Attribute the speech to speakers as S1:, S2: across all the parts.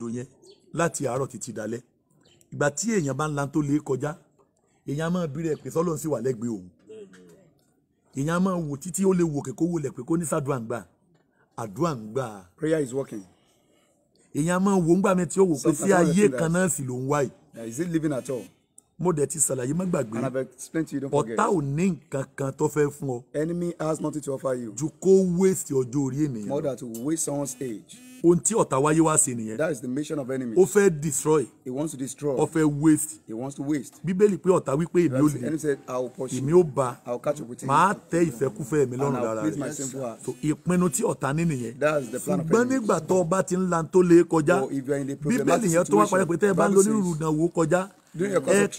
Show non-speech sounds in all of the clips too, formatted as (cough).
S1: ìrìnàjò yẹn láti àárọ̀ títí dalẹ́ ìgbà tí èèyàn bá ń lan tó lè kọjá èèyàn máa bí pé sọ́lọ́n sì wà lẹ́gbẹ̀ẹ́ òun èèyàn máa wò títí ó lè wò kẹ́kọ́ wò lẹ̀ pé kó ní sàdúrà ń gbà àdúrà ń gbà. prayer is working. èèyàn máa wò ń gbà tí ó wò pé sí ayé kan náà sì ló ń wáyé. is it living at all? mo dẹ̀ ti ṣàlàyé má gbàgbé ọ̀tá ò ní nǹkan kan tó fẹ́ fún ọ. enemy has nothing to offer you. ju kó waste ọjọ́ orí ènìyàn. more than to waste someone's age ohun tí ọ̀tá wáyé wá sí nìyẹn. that is the mission of enemies. ó fẹ́ destroy. he wants to destroy. ó fẹ́ waste. he wants to waste. bíbélì pé ọ̀tá wípé èmi ò lè. the enemy said i will pursue. èmi ò bá. i will catch up with him. màá tẹ ìfẹ́kúfẹ́ mi lọ́rùn lára and i will please my sinful heart. so ìpinnu tí ọ̀tá ní nìyẹn. that is the plan of enemies. ṣùgbọ́n nígbà tó ọba ti ń lan tó lé kọjá. or
S2: if you are in a problematic situation. bíbélì yẹn tó wá padà pé tẹ́ ẹ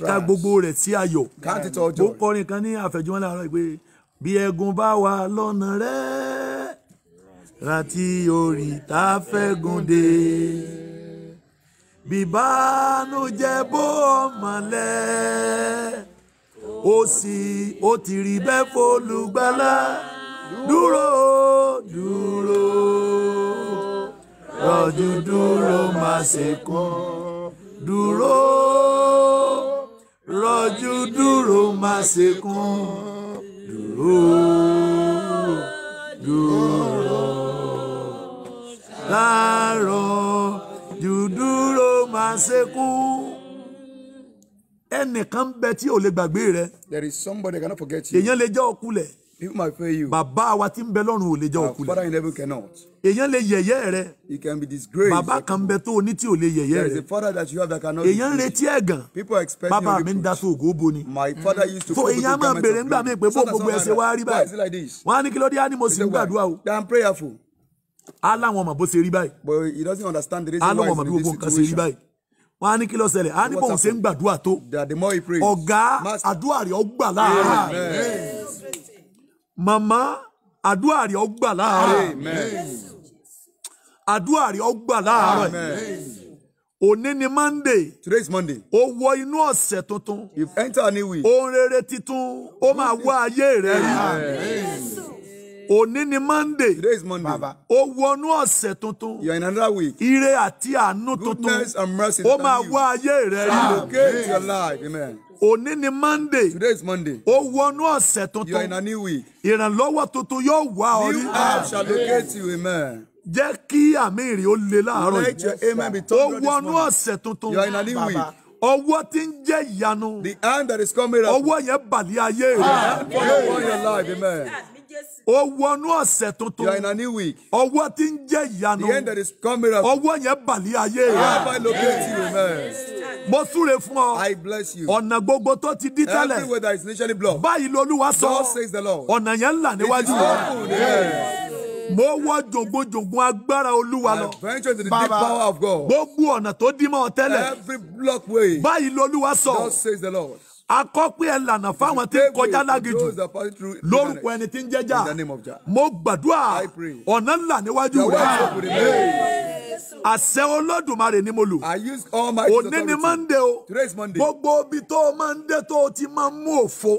S1: bá gbogbo rẹ̀ sí ayọ̀. ó kọrin kan ní àfẹ̀jùmọ́lá àárọ̀ pé bí ẹ̀gún bá wà lọ́nà rẹ̀ rántí orí tá a fẹ́gun dé bíbánújẹ́ bó ọmọlẹ́ ó sì ó ti rí bẹ́ẹ̀ fọlùgbàlà dúró dúró rọ̀jú dúró má ṣe kún dúró rọ̀jú dúró má ṣe kún dúró dúró láàárọ̀ dùdúró máa ṣekún ẹnìkan bẹ tí o lè gbàgbé rẹ. there is somebody that cannot forget you. èèyàn lè jẹ́ ọkulẹ̀. people might fail you. bàbá wa tí ń bẹ lọ́run ò lè jẹ́ ọkulẹ̀. our father in heaven cannot. èèyàn lè yẹ̀yẹ́ rẹ. he can be disgraced. bàbá kan bẹ tó o ní tí o lè yẹ̀yẹ́ rẹ. there is a father that you have that cannot. èèyàn retí ẹ̀gàn. people expect bàbá mi ń da so ògo bo ni. my father used to. so èèyàn máa bèrè ńgbà mi pé bó gbogbo ẹsẹ̀ wá rí báyìí. wọ́n á ní kí ló á ní mo sì ń gbàdúrà o á ọmọ bó ṣe rí báyìí. but he doesn't understand the reason why he's in this situation. á láwọn ọmọ bí gbogbo nǹkan ṣe rí báyìí wọn á ní kí ló ṣẹlẹ̀ á ní bóun ṣe ń gbàdúrà tó ọ̀gá àdúrà rẹ̀ ó màmá àdúrà rẹ̀ ó gbà láàárọ̀ àdúrà òní ni monday. ó wọ inú ọ̀sẹ̀ tuntun. ohun rere titun ó máa wá ayé rẹ rí òní ni monday. today is monday. baba ó wọnú ọ̀sẹ̀ tuntun. you are in another week. ire àti àánú tuntun. and mercy. ó máa wá ayé rẹ rí. Ah, locate your life amen. òní ni monday. today is monday. ó wọnú ọ̀sẹ̀ tuntun. you are in a new week. ìrànlọ́wọ́ tuntun yóò wá ọ rí. new help shall locate you amen jẹ́ kí àmì ìrìn ó le láàárọ̀ yìí ó wọnú ọ̀sẹ̀ tuntun ọwọ́ tí ń jẹ́ ìyanu ọwọ́ yẹn bàlẹ́ ayé rẹ̀. Ah, o wọnú ọ̀sẹ̀ tuntun. you are in a new week. ọwọ́ tí ń jẹ́ ìyanu. the end that is coming up. ọwọ́ yẹn bàlí ayé rẹ. how have I you man. mo súre fún ọ. I bless you. ọ̀nà gbogbo tó ti dí tẹ́lẹ̀. everywhere that is initially blocked. báyìí lolúwa sọ. God says the Lord. ọ̀nà yẹn ń là níwájú rẹ. it is open mo wọ jògbójògbón agbára olúwa lọ. adventure to the Baba. deep power of God. gbogbo ọ̀nà tó dí mọ́ ọ tẹ́lẹ̀. every block way. báyìí lolúwa sọ. God says the Lord. akọ́pẹ́ ẹ̀ fáwọn tí ń kọjá lágejù lórúkọ ẹni tí ń jẹ́jà mo gbàdúrà ọ̀nà ńlá níwájú rẹ̀ àṣẹ olódùmarè ni mo lò òní ni o gbogbo ibi tó o máa ń dé tó o ti máa ń mú òfo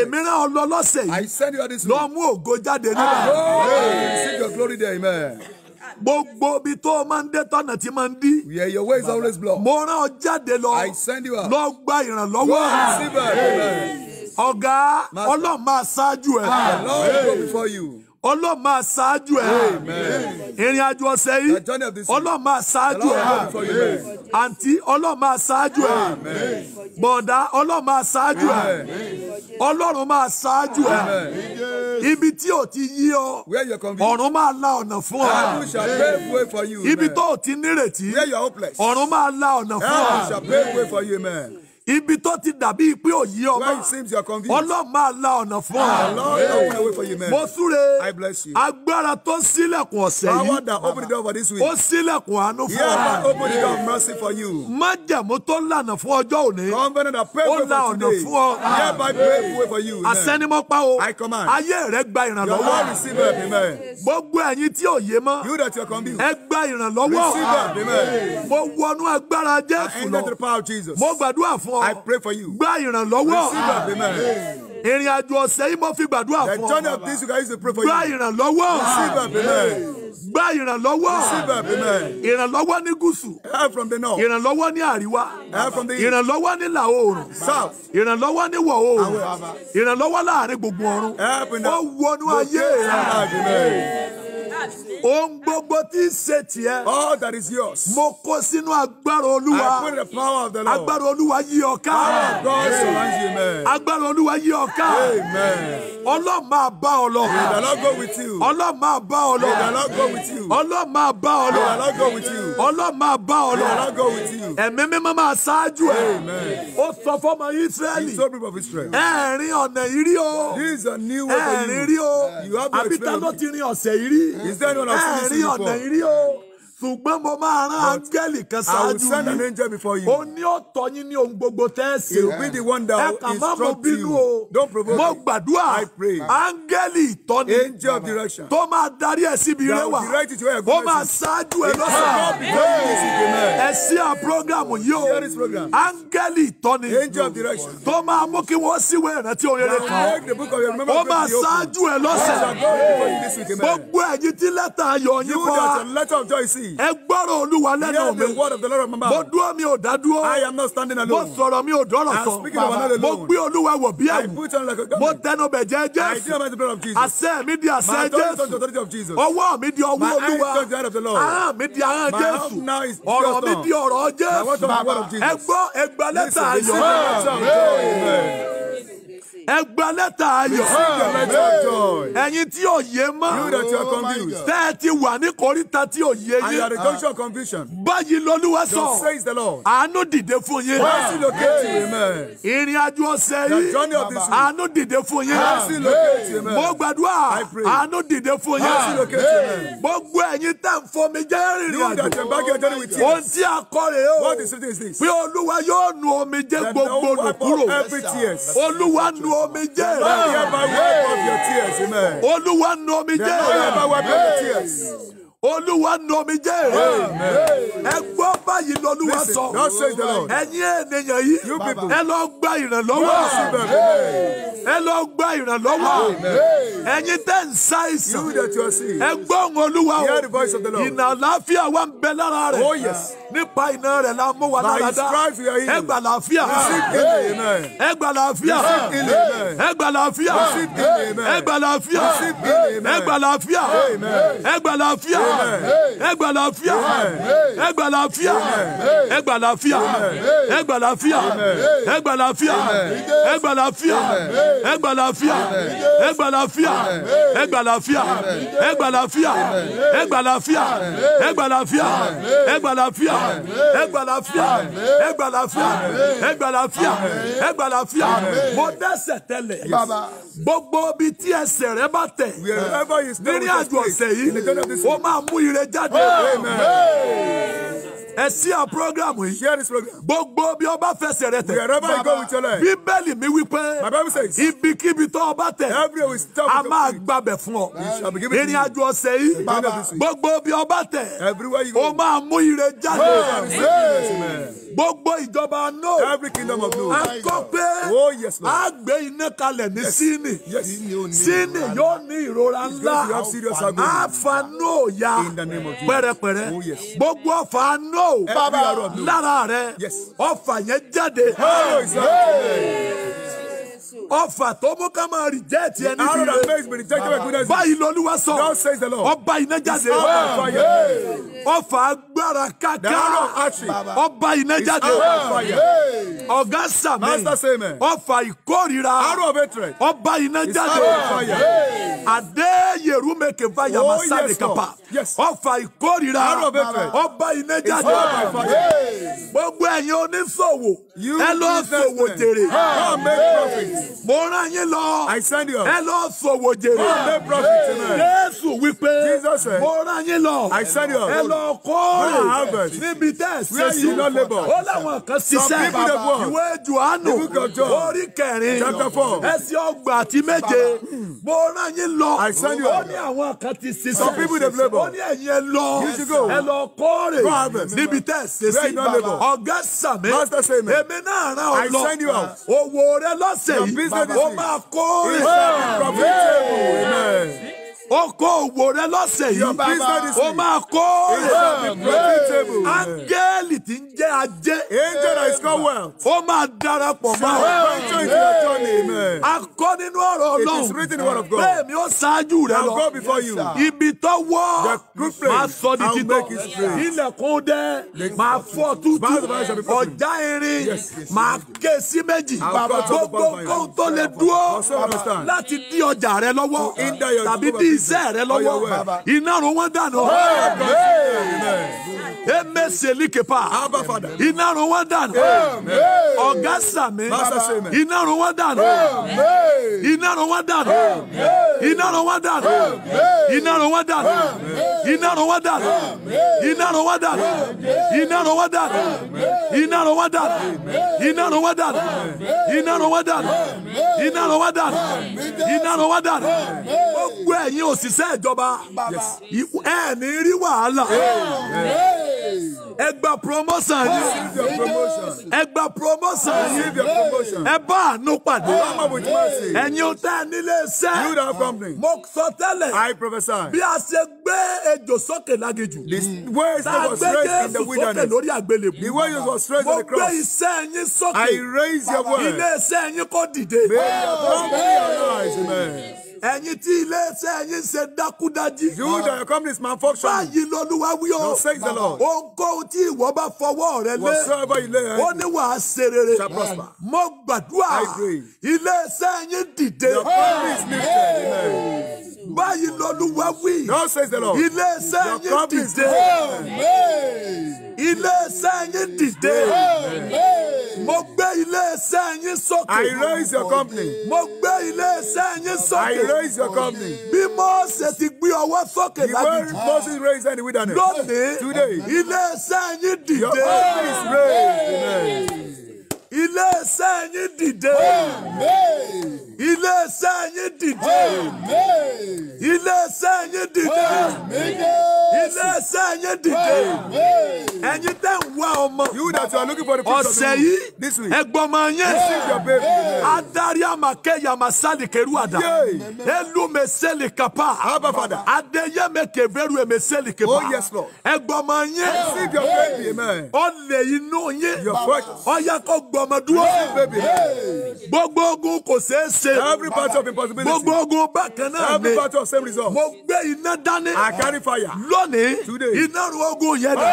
S1: èmi rán lọ lọ́sẹ̀ lọ mú ògo jáde nígbà. gbogbo obi tó o máa ń dé tọ́nà tí máa ń dí. where your way is always blocked. mo rán ọ jáde lọ. I send you out. lọ ẹ. Ọlọ́run máa ṣáájú ẹ̀. Ìrìn àjò ọ̀sẹ̀ yìí, Ọlọ́run máa ṣáájú ẹ̀. Àǹtí Ọlọ́run máa ṣáájú ẹ̀. Bọ̀dá Ọlọ́run máa ṣáájú ẹ̀. Ọlọ́run máa ṣáájú
S2: ẹ̀.
S1: Ibi tí ò ti yí ọ, ọ̀run máa la ọ̀nà fún ọ. Ibi tó ò ti nírètí, ọ̀run máa la ọ̀nà fún ọ ibi tó ti dàbí pé òyì ọmọ ọlọ́run máa la ọ̀nà fún ọ. Ah, mo súre agbára tó sílẹ̀kùn ọ̀sẹ̀ yìí ó sílẹ̀kùn àánú fún ọ. májẹ̀mú tó lànà fún ọjọ́ òní ó la ọ̀nà fún ọ. àsẹ́nimọ́pá o ayé rẹ gba ìrànlọ́wọ́ gbogbo ẹ̀yin tí òye mọ́ ẹ gba ìrànlọ́wọ́ mo wọnú agbára Jésù lọ mo gbàdúrà fún fún I pray for you. Gba ìrànlọ́wọ́. Receive your
S2: payment.
S1: Ìrìn àjò ọ̀sẹ̀ yìí mo fi gbàdúrà fún ọ. The journey of this week I used to pray for you. Gba ìrànlọ́wọ́. Receive your payment gba ìrànlọ́wọ́ ìrànlọ́wọ́ ní gúúsù ìrànlọ́wọ́ ní àríwá ìrànlọ́wọ́ ní ìlà oòrùn ìrànlọ́wọ́ ní ìwọ̀ oòrùn ìrànlọ́wọ́ láàrin gbogbo ọ̀run ó wọnú ayé rẹ. Ohun gbogbo tí ń ṣe tiẹ̀. All that is yours. Mo kó sínú agbára Olúwa. I put the power of the Lord. Agbára Olúwa yí ọ ah, God. Power of God surrounds you, amen. Agbára Olúwa yí ọ ká. Amen. Ọlọ́run máa bá ọ lọ. May the Lord go with you. Ọlọ́run máa bá ọ lọ. May the Lord go with you. Ọlọ́run máa bá ọ lọ. May the Lord go with you. Ọlọ́run máa bá ọ lọ. May the Lord go with you. Ẹ̀mí mímọ́ máa ṣáájú ẹ̀. Amen. Ó sọ fọ́mọ Ísírẹ́lì. He told people of Israel. Ẹ̀rín ọ̀nà yìí rí o. This is a new way for you. Ẹ̀rín rí o. You have to explain. Àbí ta ló ti rin ọ̀sẹ̀ yìí rí? Is there anyone I've seen this before? ṣùgbọ́n mo máa rán áńgẹ́lì kan ṣáájú yín ó ní ó tọ́ yín ní ohun gbogbo tẹ́sí ẹ kà má mo bínú o mo gbàdúrà áńgẹ́lì ìtọ́ni tó máa darí ẹ síbi rẹwà ó máa ṣáájú ẹ lọ́sàn-án ẹ sí à prógrámù yìí o áńgẹ́lì ìtọ́ni tó máa mú kí wọ́n síwèé ìrántí oríire kan ó máa ṣáájú ẹ lọ́sàn-án gbogbo ẹ̀yin tí lẹ́tà ayọ̀ yín bá me. ẹ gbọ́rọ̀ olúwa lẹ́nu mi. the word of the Lord of my mouth. mo dúró mi ò dá I am not standing alone. mo sọ̀rọ̀ mi ò dọ́rọ̀ sọ. I am of another alone. mo gbé olúwa wọ̀ bí ẹ̀wù. I put on like a government. mo tẹnu bẹ̀ jẹ́ Jésù. I still am the blood of Jesus. àṣẹ mi di àṣẹ Jésù. my authority is the authority of Jesus. ọwọ́ mi di ọwọ́ olúwa. my hand is the hand of the Lord. ahọ́n mi di ahọ́n Jésù. my mouth now is your tongue. ọ̀rọ̀ mi di ọ̀rọ̀ Jésù. my word of of Jesus. ẹ gbọ́ ẹgbẹ́ lẹ́tà ayọ̀ ẹ gba lẹ́tà ayọ̀ ẹ̀yin tí ò yé mọ́ oh tẹ́ ẹ ti wà ní koríta tí ò yé yé báyìí lọ́lúwa sọ àánú dìde fún yín ìrìn àjò ọ̀sẹ̀ yìí àánú dìde fún yín mo gbàdúrà àánú dìde fún yín gbogbo ẹ̀yin tẹ̀ ń fọmi jẹ́ rìnrìn àjò ohun tí a kọ́ rèé o pé olúwa yóò nu omi jẹ́ gbogbo nù kúrò olúwa nu omijé. Lord, ever wipe off your tears. Amen. Olúwa nu omijé. Lord, ever wipe off your tears olúwa nà mí jẹ́ èrè ẹ gbọ́ báyìí lọ́lúwa sọ ẹ̀yin ènìyàn yìí ẹ lọ gba ìrànlọ́wọ́ ẹ lọ gba ìrànlọ́wọ́ ẹ̀yin tẹ́ ń sá ìsàn ẹ gbọ́ ohùn olúwa o ìnà àlàáfíà wa ń bẹ lára rẹ̀ oh, nípa iná rẹ̀ la mú wa lára dá ẹ gbà láàfíà ẹ gbà láàfíà ẹ gbà láàfíà ẹ gbà láàfíà ẹ gbà láàfíà ẹ gbà láàfíà ẹ gbà àlàáfíà ẹ gbà àlàáfíà ẹ gbà àlàáfíà ẹ gbà àlàáfíà ẹ gbà àlàáfíà ẹ gbà àlàáfíà ẹ gbà àlàáfíà ẹ gbà àlàáfíà ẹ gbà àlàáfíà ẹ gbà àlàáfíà ẹ gbà àlàáfíà ẹ gbà àlàáfíà ẹ gbà àlàáfíà ẹ gbà àlàáfíà ẹ gbà àlàáfíà ẹ gbà àlàáfíà ẹ gbà àlàáfíà mo dẹ́ṣẹ̀ tẹ́lẹ̀ gbogbo ibi tí ẹsẹ̀ rẹ bá tẹ̀ nírìn àjò ọ̀sẹ̀ yìí ó máa mú ire jáde. Ẹ sí à program yìí. Share this program. Gbogbo bí ọba fẹsẹ̀ rẹ tẹ̀. Wherever go with your life. Bíbélì mi wípé. My Bible says. Ibikíbi tó ọba tẹ̀. Everywhere we stop. A máa gbabẹ̀ fún ọ. Ìrìn àjò ọ̀sẹ̀ yìí. Gbogbo bí ọba tẹ̀. Everywhere you go. O máa mú ire jáde gbogbo ìjọba no. every kingdom of no. a kọ́ pé oh, a gbé iná kalẹ̀ ní síni síni yóò ní ìrora ńlá àfa no ya pẹ̀rẹ̀pẹ̀rẹ̀ oh, gbogbo ọ̀fà no lára rẹ̀ ọ̀fà yẹn jáde you. ọfà tó mú ká máa reject ẹni bí. arrow báyìí lolúwa sọ. God says the Lord. ọba iná jáde. ọfà agbára káká. ọba iná jáde. ọ̀gá sàmì. ọfà ìkórira. arrow of hatred. ọba iná jáde. adé yẹ̀rú mẹ́kẹ̀ fàyà máa sáré kápá. ọfà ìkórira. ọba iná gbogbo ẹ̀yin oníṣòwò. ẹ lọ sòwò jèrè mo rán yín lọ. I send you. ẹ lọ sòwò jèrè. go make profit tonight. Jésù wípé. Jesus said. mo rán yín lọ. I send you. ẹ lọ kórè. harvest. níbi tẹ́ ẹ ṣe no labour. ó láwọn kan ṣiṣẹ́. some people dey work. ìwé Jòhánù. the book orí kẹrin. chapter four. ẹsẹ̀ ọgbà àti méje. mo rán yín lọ. I send you. ó ní àwọn kan ti ṣiṣẹ́. some people dey labour. ó ní ẹ̀yin ẹ lọ. you should go. ẹ lọ kórè. go harvest. níbi tẹ́ ẹ ṣe sí. ọ̀gá sàmé. master sàmé. èmi náà rán ọ lọ. I send you out. òwò rẹ lọ́sẹ̀ yìí business. ó máa kó ìṣẹ́ni profitable o kó òwò rẹ lọ́sẹ̀ yìí o máa kó rẹ̀ áńgẹ́lì tí ń jẹ́ ajé o máa darapọ̀ mọ́ ọ. a kọ́ nínú ọ̀rọ̀ Ọlọ́run bẹ́ẹ̀ mi ó ṣáájú rẹ lọ ibi tó wọ́ máa sọ di títọ́ ilẹ̀kùn dẹ́ máa fọ́ tútù ọjà irin máa ké sí méjì gbogbo kóhun tó lè dúró láti dí ọjà rẹ lọ́wọ́ tàbí dí iṣẹ́ rẹ lọ́wọ́ iná run wọ́n dànù. Eme selikepa. Iná run wọ́n dànù. Ọ̀gá sàmì. Iná run wọ́n dànù. Iná run wọ́n dànù. Iná run wọ́n dànù. Iná run wọ́n dànù. Iná run wọ́n dànù. Iná run wọ́n dànù. Iná run wọ́n dànù. Iná run wọ́n dànù. Iná run wọ́n dànù. Iná run wọ́n dànù. Iná run wọ́n dànù. Iná run wọ́n dànù. Ó gbọ́ ẹ̀yin ẹ̀yin òṣìṣẹ́ ìjọba ẹ ní rí wàhálà ẹ gba promotion yín ẹ gba promotion yín ẹ bá àánú pàdé ẹ̀yin ò tẹ́ nílé iṣẹ́ mo sọ tẹ́lẹ̀ bí a ṣe gbé ejò sókè lágejù ta gbé Jésù sókè lórí àgbélébùú mo gbé iṣẹ́ yín sókè ilé iṣẹ́ yín kó dìde. Amen ẹ̀yin tí iléeṣẹ́ yín ṣe dákúdájí. you that your company is malfunction. báyìí lọ́lúwa wí o. no say the lord. ohunkóhun tí ìwọ bá fọwọ́ rẹ lé. whatsoever you lay hand. ó ní wàá ṣe rere. mo gbàdúrà. i pray. iléeṣẹ́ dìde. your company is lifted. amen báyìí lọ́lúwa wí. no says the lord. iléeṣẹ́ yín dìde. iléeṣẹ́ yín dìde. amen. Mo gbé ilé iṣẹ́ yín sókè. I raise your company. Mo gbé ilé iṣẹ́ yín sókè. I raise your company. Bí Mọ́ọ̀sẹ̀ ti gbé ọwọ́ sókè lábìjì. The word Moses raised in the wilderness. Lónìí, ilé iṣẹ́ yín dìde. Your office raised iléeṣẹ́ yín dìde. iléeṣẹ́ yín dìde. iléeṣẹ́ yín dìde. iléeṣẹ́ yín dìde. ẹ̀yin tẹ́ ń wá ọmọ. ọ̀sẹ̀ yìí ẹgbọ́n máa yẹn. adarí àmàkẹ́ yàmásálì kẹrù àdá. elumeseli kapa. adéyẹmẹ kẹfẹrù emeseli kapa. ẹgbọ́n máa yẹn. ó lè inú yẹn. ọ̀yà kò gbọ́ ọmọ gbogbo ogun kò ṣeé ṣe. every part of impossibility. gbogbo ogun bákan náà ni. every part of same result. mo gbé iná dání. I carry fire. lónìí iná ru ogun yẹn dà.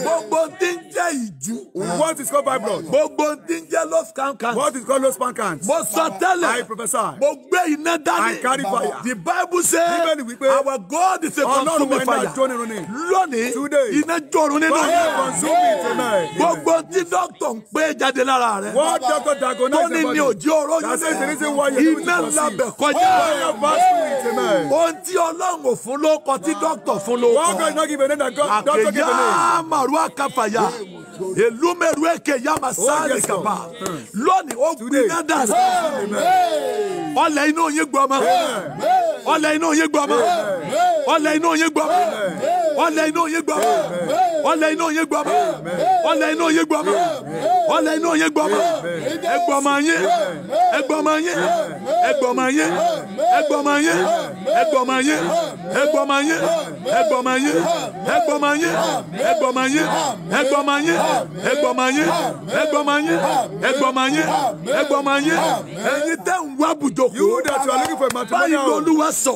S1: gbogbo tí ń jẹ́ ìjú. What is called fibroid? Gbogbo tí jẹ́ low scan cancer. What is called lost scan cancer? Mo sọ tẹ́lẹ̀. I prophesy. Mo gbé iná dání. I carry fire. The Bible says. Bíbélì wípé. Our God is a consuming fire. Ọlọ́run iná jóni runi. Lónìí. Today. Iná jòrò nínú. Fire consume me tonight. Gbogbo tí dọ́kítọ̀ ń pé jáde lára rẹ̀. What doctor diagnose the body? Tóní ni òjì oró yìí. That's the reason why you don't know. Iná labẹ̀ kọjá. Fire consume me tonight. Ohun tí Ọlọ́run ò fún ló kọ tí dọ́kítọ̀ fún ló kọ elumeru eke yama sáré kaba lónìí ó gbiná dànù ọlẹ inú yín gbọ ọmọ ọlẹ inú yín gbọ ọmọ ọlẹ inú yín gbọ ọmọ ọlẹ inú yín gbọ ọmọ ọlẹ inú yín gbọ ọmọ ọlẹ inú yín gbọ ọmọ ọlẹ inú yín gbọ ọmọ ẹgbọ ọmọ yín ẹgbọ ọmọ yín ẹgbọ ọmọ yín ẹgbọ ọmọ yín ẹgbọ ọmọ yín ẹgbọ ọmọ yín ẹgbọ ọmọ yín ẹgbọ ọmọ yín ẹgbọ ọmọ yín ẹgbọ ọmọ ọmọ yín ẹgbọ́ ọmọ yín ẹgbọ́ ọmọ yín ẹgbọ́ ọmọ yín ẹgbọ́ ọmọ yín ẹ̀yin tẹ́ ń wá bùjọ̀kú báyìí lolúwa sọ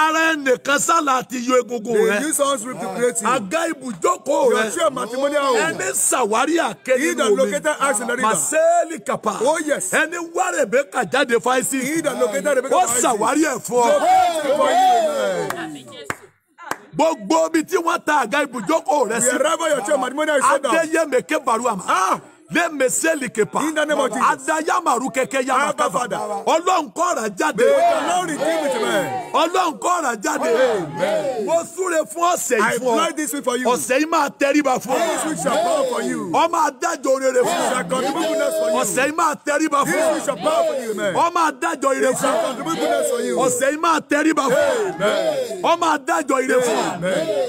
S1: ara ẹnìkan sálà àti yọ egungun rẹ ah. àga ibùjókòó rẹ ẹni sàwárí àkẹ́yìn lómi màsẹ́ẹ̀lì kàpà oh, ẹni wá Rèbékà jáde fáìsì ó sàwárí ẹ̀ fún ọ gbogbo ibi tí wọ́n ta àga ibùjókòó rẹ sí. wherever your chair matrimonial is set down. adéyẹmẹkẹ baruama. ah lẹ́mẹsẹ́lìkẹ̀pà adayamaru kẹ̀kẹ́ yamakaba ọlọ́nkọ́ra jáde ọlọ́nkọ́ra jáde mo súre fún ọ̀sẹ̀ yìí fún ọ ọ̀sẹ̀ yìí máa tẹríba fún ọ ọmọ adájọ́ rere fún ọ ọ̀sẹ̀ yìí máa tẹríba fún ọ ọmọ adájọ́ rere fún ọ ọ̀sẹ̀ yìí máa tẹríba fún ọ ọmọ adájọ́ rere fún ọ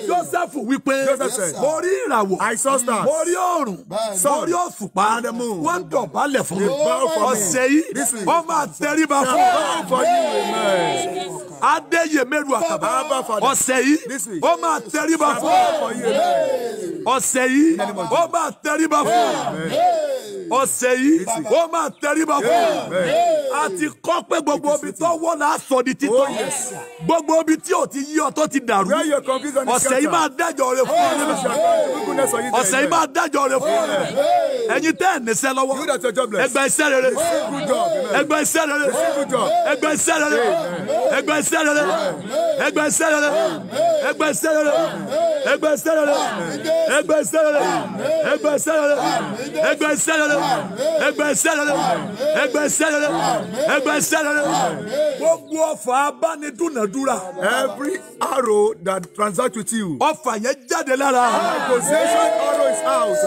S1: Joseph wípé mo rí ìràwọ̀ mo rí oòrùn mo rí ọ̀fù àtùpà wọ́n ń dọ̀bálẹ̀ fún mi ọ̀sẹ̀ yìí wọ́n máa tẹríba fún mi adéyèmẹ́rù àkàbà ọ̀sẹ̀ yìí wọ́n máa tẹríba fún mi ọ̀sẹ̀ yìí wọ́n máa tẹríba fún
S2: mi
S1: ọ̀sẹ̀ yìí ó máa tẹríba fún mi a ti kọ́ pé gbogbo omi tó wọ́n náà sọ di títọ́ gbogbo omi tí o ti yí ọ tó ti dàrú ọ̀sẹ̀ yìí máa dájọ́ rẹ fún ọ ọ̀sẹ̀ yìí máa dájọ́ rẹ fún ọ ẹ̀yin tẹ́ ẹ̀ níṣẹ́ lọ́wọ́ ẹgbẹ́ iṣẹ́ rere ẹgbẹ́ iṣẹ́ rere ẹgbẹ́ iṣẹ́ rere ẹgbẹ́ iṣẹ́ rere ẹgbẹ́ iṣẹ́ rere ẹgbẹ́ iṣẹ́ rere ẹgbẹ́ iṣẹ́ rere ẹgbẹ́ iṣẹ́ rere ẹgbẹ́ iṣẹ́ rere ẹgbẹ́ iṣẹ́ rere ẹgbẹ̀nsẹ̀ lọ́lẹ̀ ẹgbẹ̀nsẹ̀ lọ́lẹ̀ gbogbo ọfà abánidúnàdúrà. every arrow that transact with you. ọfà yẹn jáde lára. Ah, negotiation arrow is out.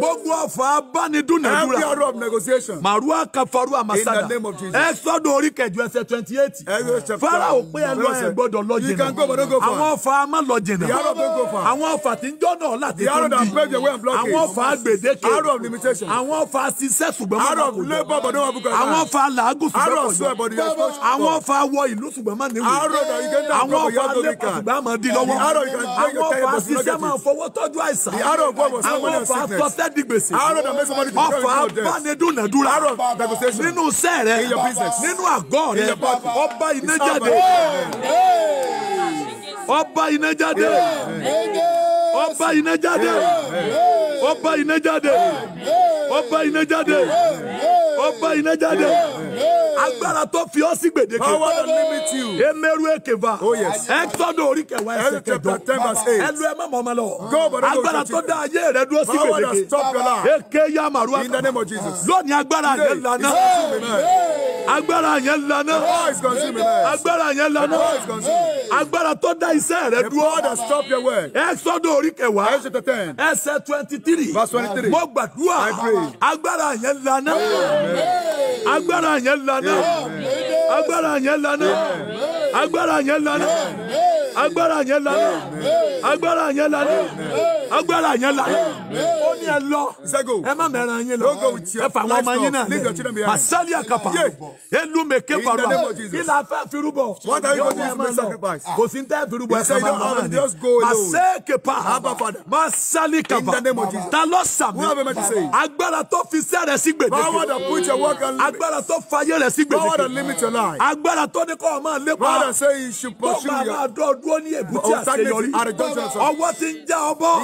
S1: gbogbo ọfà abánidúnàdúrà. every arrow of negotiation. màrúwà kàfàrú àmàsàdà. in the name of Jesus. ẹsọ́dọ̀ orí kẹjọ ẹsẹ̀ twenty eight. ẹgbẹ́ ṣẹfẹ́ Fáráò pé ẹ lọ lọ jìnnà. you can go but don't go far. àwọn ọfà má lọ jìnnà. the arrow don't go far. àwọn ọfà tí ń jọ́nà ọ̀la tí tó di. the arrow that break the way and block it. àwọn ọfà gbèdéke. arrow of limitation. àwọn ọfà fa ṣiṣẹ́ ṣùgbọ́n mọ̀ náà kò jọ àwọn fa làágùn ṣùgbọ́n kò jọ àwọn fa wọ ìlú ṣùgbọ́n mọ̀ níwò àwọn fa lépa ṣùgbọ́n mọ̀ di lọ́wọ́ àwọn fa ṣiṣẹ́ máa fọwọ́ tọ́jú àìsàn àwọn fa tọ́tẹ́ di gbèsè ọ̀fà abánidúnadúrà nínú iṣẹ́ rẹ nínú àgọ́ rẹ ọba iná jáde ọba iná jáde ọba iná jáde ọba iná jáde ọba iná jáde ọba iná jáde agbára tó fi ọ́ sí gbèdéke. power that limit you. emeru ekeva. oh yes. ẹtọ́dọ̀ orí kẹwàá ẹsẹ̀ kẹjọ. ẹlú ẹ má mọ̀ ọmọ lọ. go but agbára tó dá ayé rẹ dúró sí gbèdéke. power that stop your life. eke ya màrú àkàrà. in the name of Jesus. lónìí agbára yẹn lana. agbára yẹn lana. agbára yẹn lana. agbára tó dá iṣẹ́ rẹ dúró. the power that stop your work. ẹtọ́dọ̀ orí kẹwàá ẹsẹ̀ twenty three three mo gbàdúrà agbára yẹn lana agbára yẹn lana agbára yẹn lana
S2: agbára yẹn lana agbára yẹn lana agbára yẹn lana agbára yẹn lana
S1: yẹn lọ ẹ má mẹ́ran yín lọ ẹ fà wọn ọmọ yín náà lẹ àṣálì àkàpà elu mèké pàrọ̀ kí la fẹ́ firúbọ yóò wọ ẹ má lọ kò sí tẹ́ firúbọ ẹ fẹ́ má lọ ní àṣẹ kẹpà má sálì kàpà ta lọ sàmì agbára tó fi sẹ́ rẹ̀ sí gbèdéke agbára tó fayé rẹ̀ sí gbèdéke agbára tó ní kọ́ ọ máa lépa tó máa máa dọ́ dúró ní èbúté àṣeyọrí ọwọ́ ti ń já ọ bọ́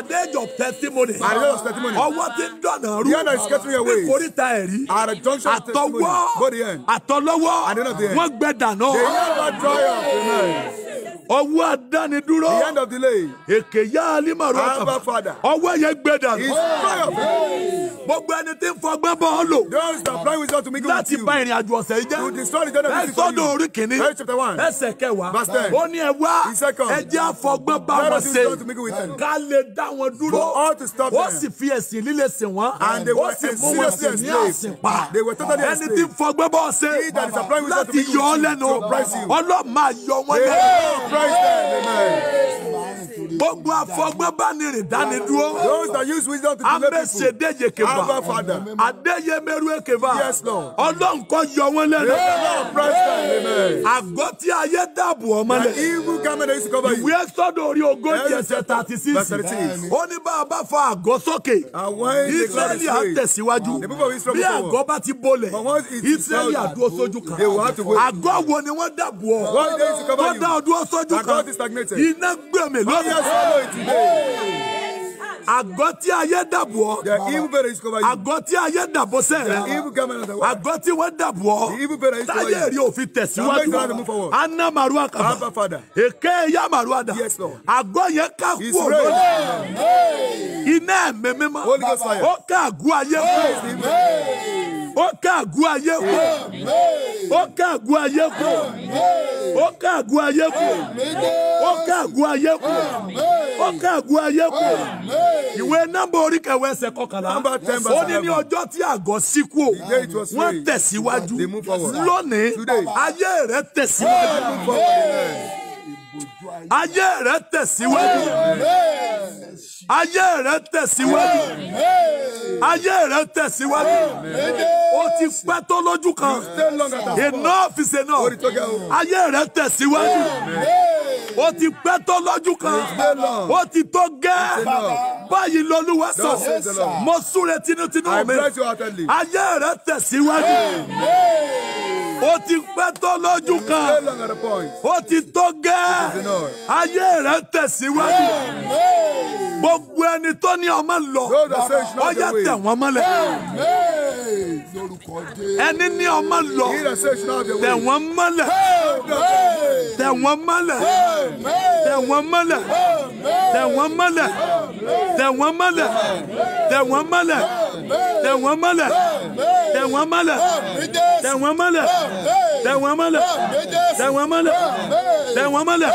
S1: at the age of thirty testimony. Àríyá is testimony. Ọwọ́ ti ń dọ̀nà rú. The end is getting away. Nítorí ta ẹ̀rí. At a junction of testimony. Àtọwọ́. Go the end. Àtọlọ́wọ́. At the end of the end. Wọ́n gbẹ dànù. The end of the trial. Amen ọwọ́ adánidúró. the end of the lane. èké yá alimaru àkàfà. ọwọ́ yẹn gbé fire fails. gbogbo ẹni tí ń fọgbọ́n bọ́ ọ lò. those that plan with God to láti bá ìrìn àjò ọ̀sẹ̀ yìí jẹ́. to destroy the orí kìíní. chapter one. ẹsẹ̀ kẹwàá. verse ten. ó ní ẹ wá. he said come. ẹ jẹ́ àfọgbọ́n bá wọn ṣe. ká lè dá wọn dúró. stop them. ó sì fi ẹ̀sìn líle sìn wọ́n. and they were seriously enslaved. they were totally enslaved. ẹni tí ń fọgbọ́n bọ́ ọ ṣe. that is applying with God to make good with you. láti yọ ọ lẹ́nu. surprise you. ọlọ́ọ̀ máa yọ wọn lẹ́nu. Christ name. Amen. Gbogbo afọgbọ́nbánirìn dánidúró. Those that use wisdom to delay people. Amesede Yekeba. Abba Father. Adeyemeru Ekeba. Yes Lord. Ọlọ́run kọ́ yọ wọ́n lẹ́nu. Amen. Praise God. Amen. Àgọ́ tí ayé dàbò ọmọ lẹ̀. The evil government is covered. Ìwé sọ́dọ̀ orí ogójì ẹsẹ̀ thirty six. Ó ní bá a bá fa àgọ́ sókè. Israẹli á tẹ̀síwájú. Bí àgọ́ bá ti bolẹ̀, Israẹli á dúró sójú kan. Àgọ́ wo ni wọ́n dàbò ọ? Wọ́n dá ọdún ọ ọdún kan iná gbẹ̀mí lọ́wọ́ àgọ́ tí ayé dàbọ̀ ọ́ àgọ́ tí ayé dàbọ̀ sẹ́ àgọ́ tí wọ́n dàbọ̀ ọ́ táyé rí òfin tẹ̀síwájú aná màrú àkàbà èké ya màrú àdà àgọ́ yẹn ká kú òlò iná ẹ̀mẹ́mẹ́má ó ká àgọ́ ayé kú ó ká àgọ́ ayé
S2: kú
S1: ó ká àgọ́ ayé kú ó ká àgọ́ ayé kú
S2: ó ká àgọ́ ayé kú ó ká àgọ́ ayé kú ìwé
S1: nọ́mbà orí kẹwẹ́ ẹsẹ̀ kọkànlá ó ní ní ọjọ́ tí àgọ́ sí kú wọ́n tẹ̀síwájú lónìí ayé rẹ̀ tẹ̀síwájú ayé rẹ tẹ̀síwájú ayé rẹ tẹ̀síwájú ayé rẹ tẹ̀síwájú o ti pẹ́ tó lójú kan enough is enough ayé rẹ tẹ̀síwájú o ti pẹ́ tó lójú kan o ti tó gẹ́ báyìí lolúwa sọ mo súre tinútinú mi ayé rẹ tẹ̀síwájú ó ti pẹ́ tó lójú kan ó ti tó gẹ́ ayé rẹ̀ tẹ̀síwájú gbogbo ẹni tó ní ọmọ lọ ọyá tẹ̀ wọ́n mọ́lẹ̀
S2: ẹni ní ọmọ lọ tẹ̀ wọ́n mọ́lẹ̀
S1: tẹ̀ wọ́n mọ́lẹ̀ tẹ̀ wọ́n mọ́lẹ̀ tẹ̀ wọ́n mọ́lẹ̀ tẹ̀ wọ́n mọ́lẹ̀ tẹ̀ wọ́n mọ́lẹ̀ tẹ̀ wọ́n mọ́lẹ̀ tẹ̀ wọ́n
S2: mọ́lẹ̀
S1: tẹ̀ one mọ́lẹ̀ tẹ̀ one mọ́lẹ̀
S2: tẹ̀ one mọ́lẹ̀ tẹ̀ one mọ́lẹ̀.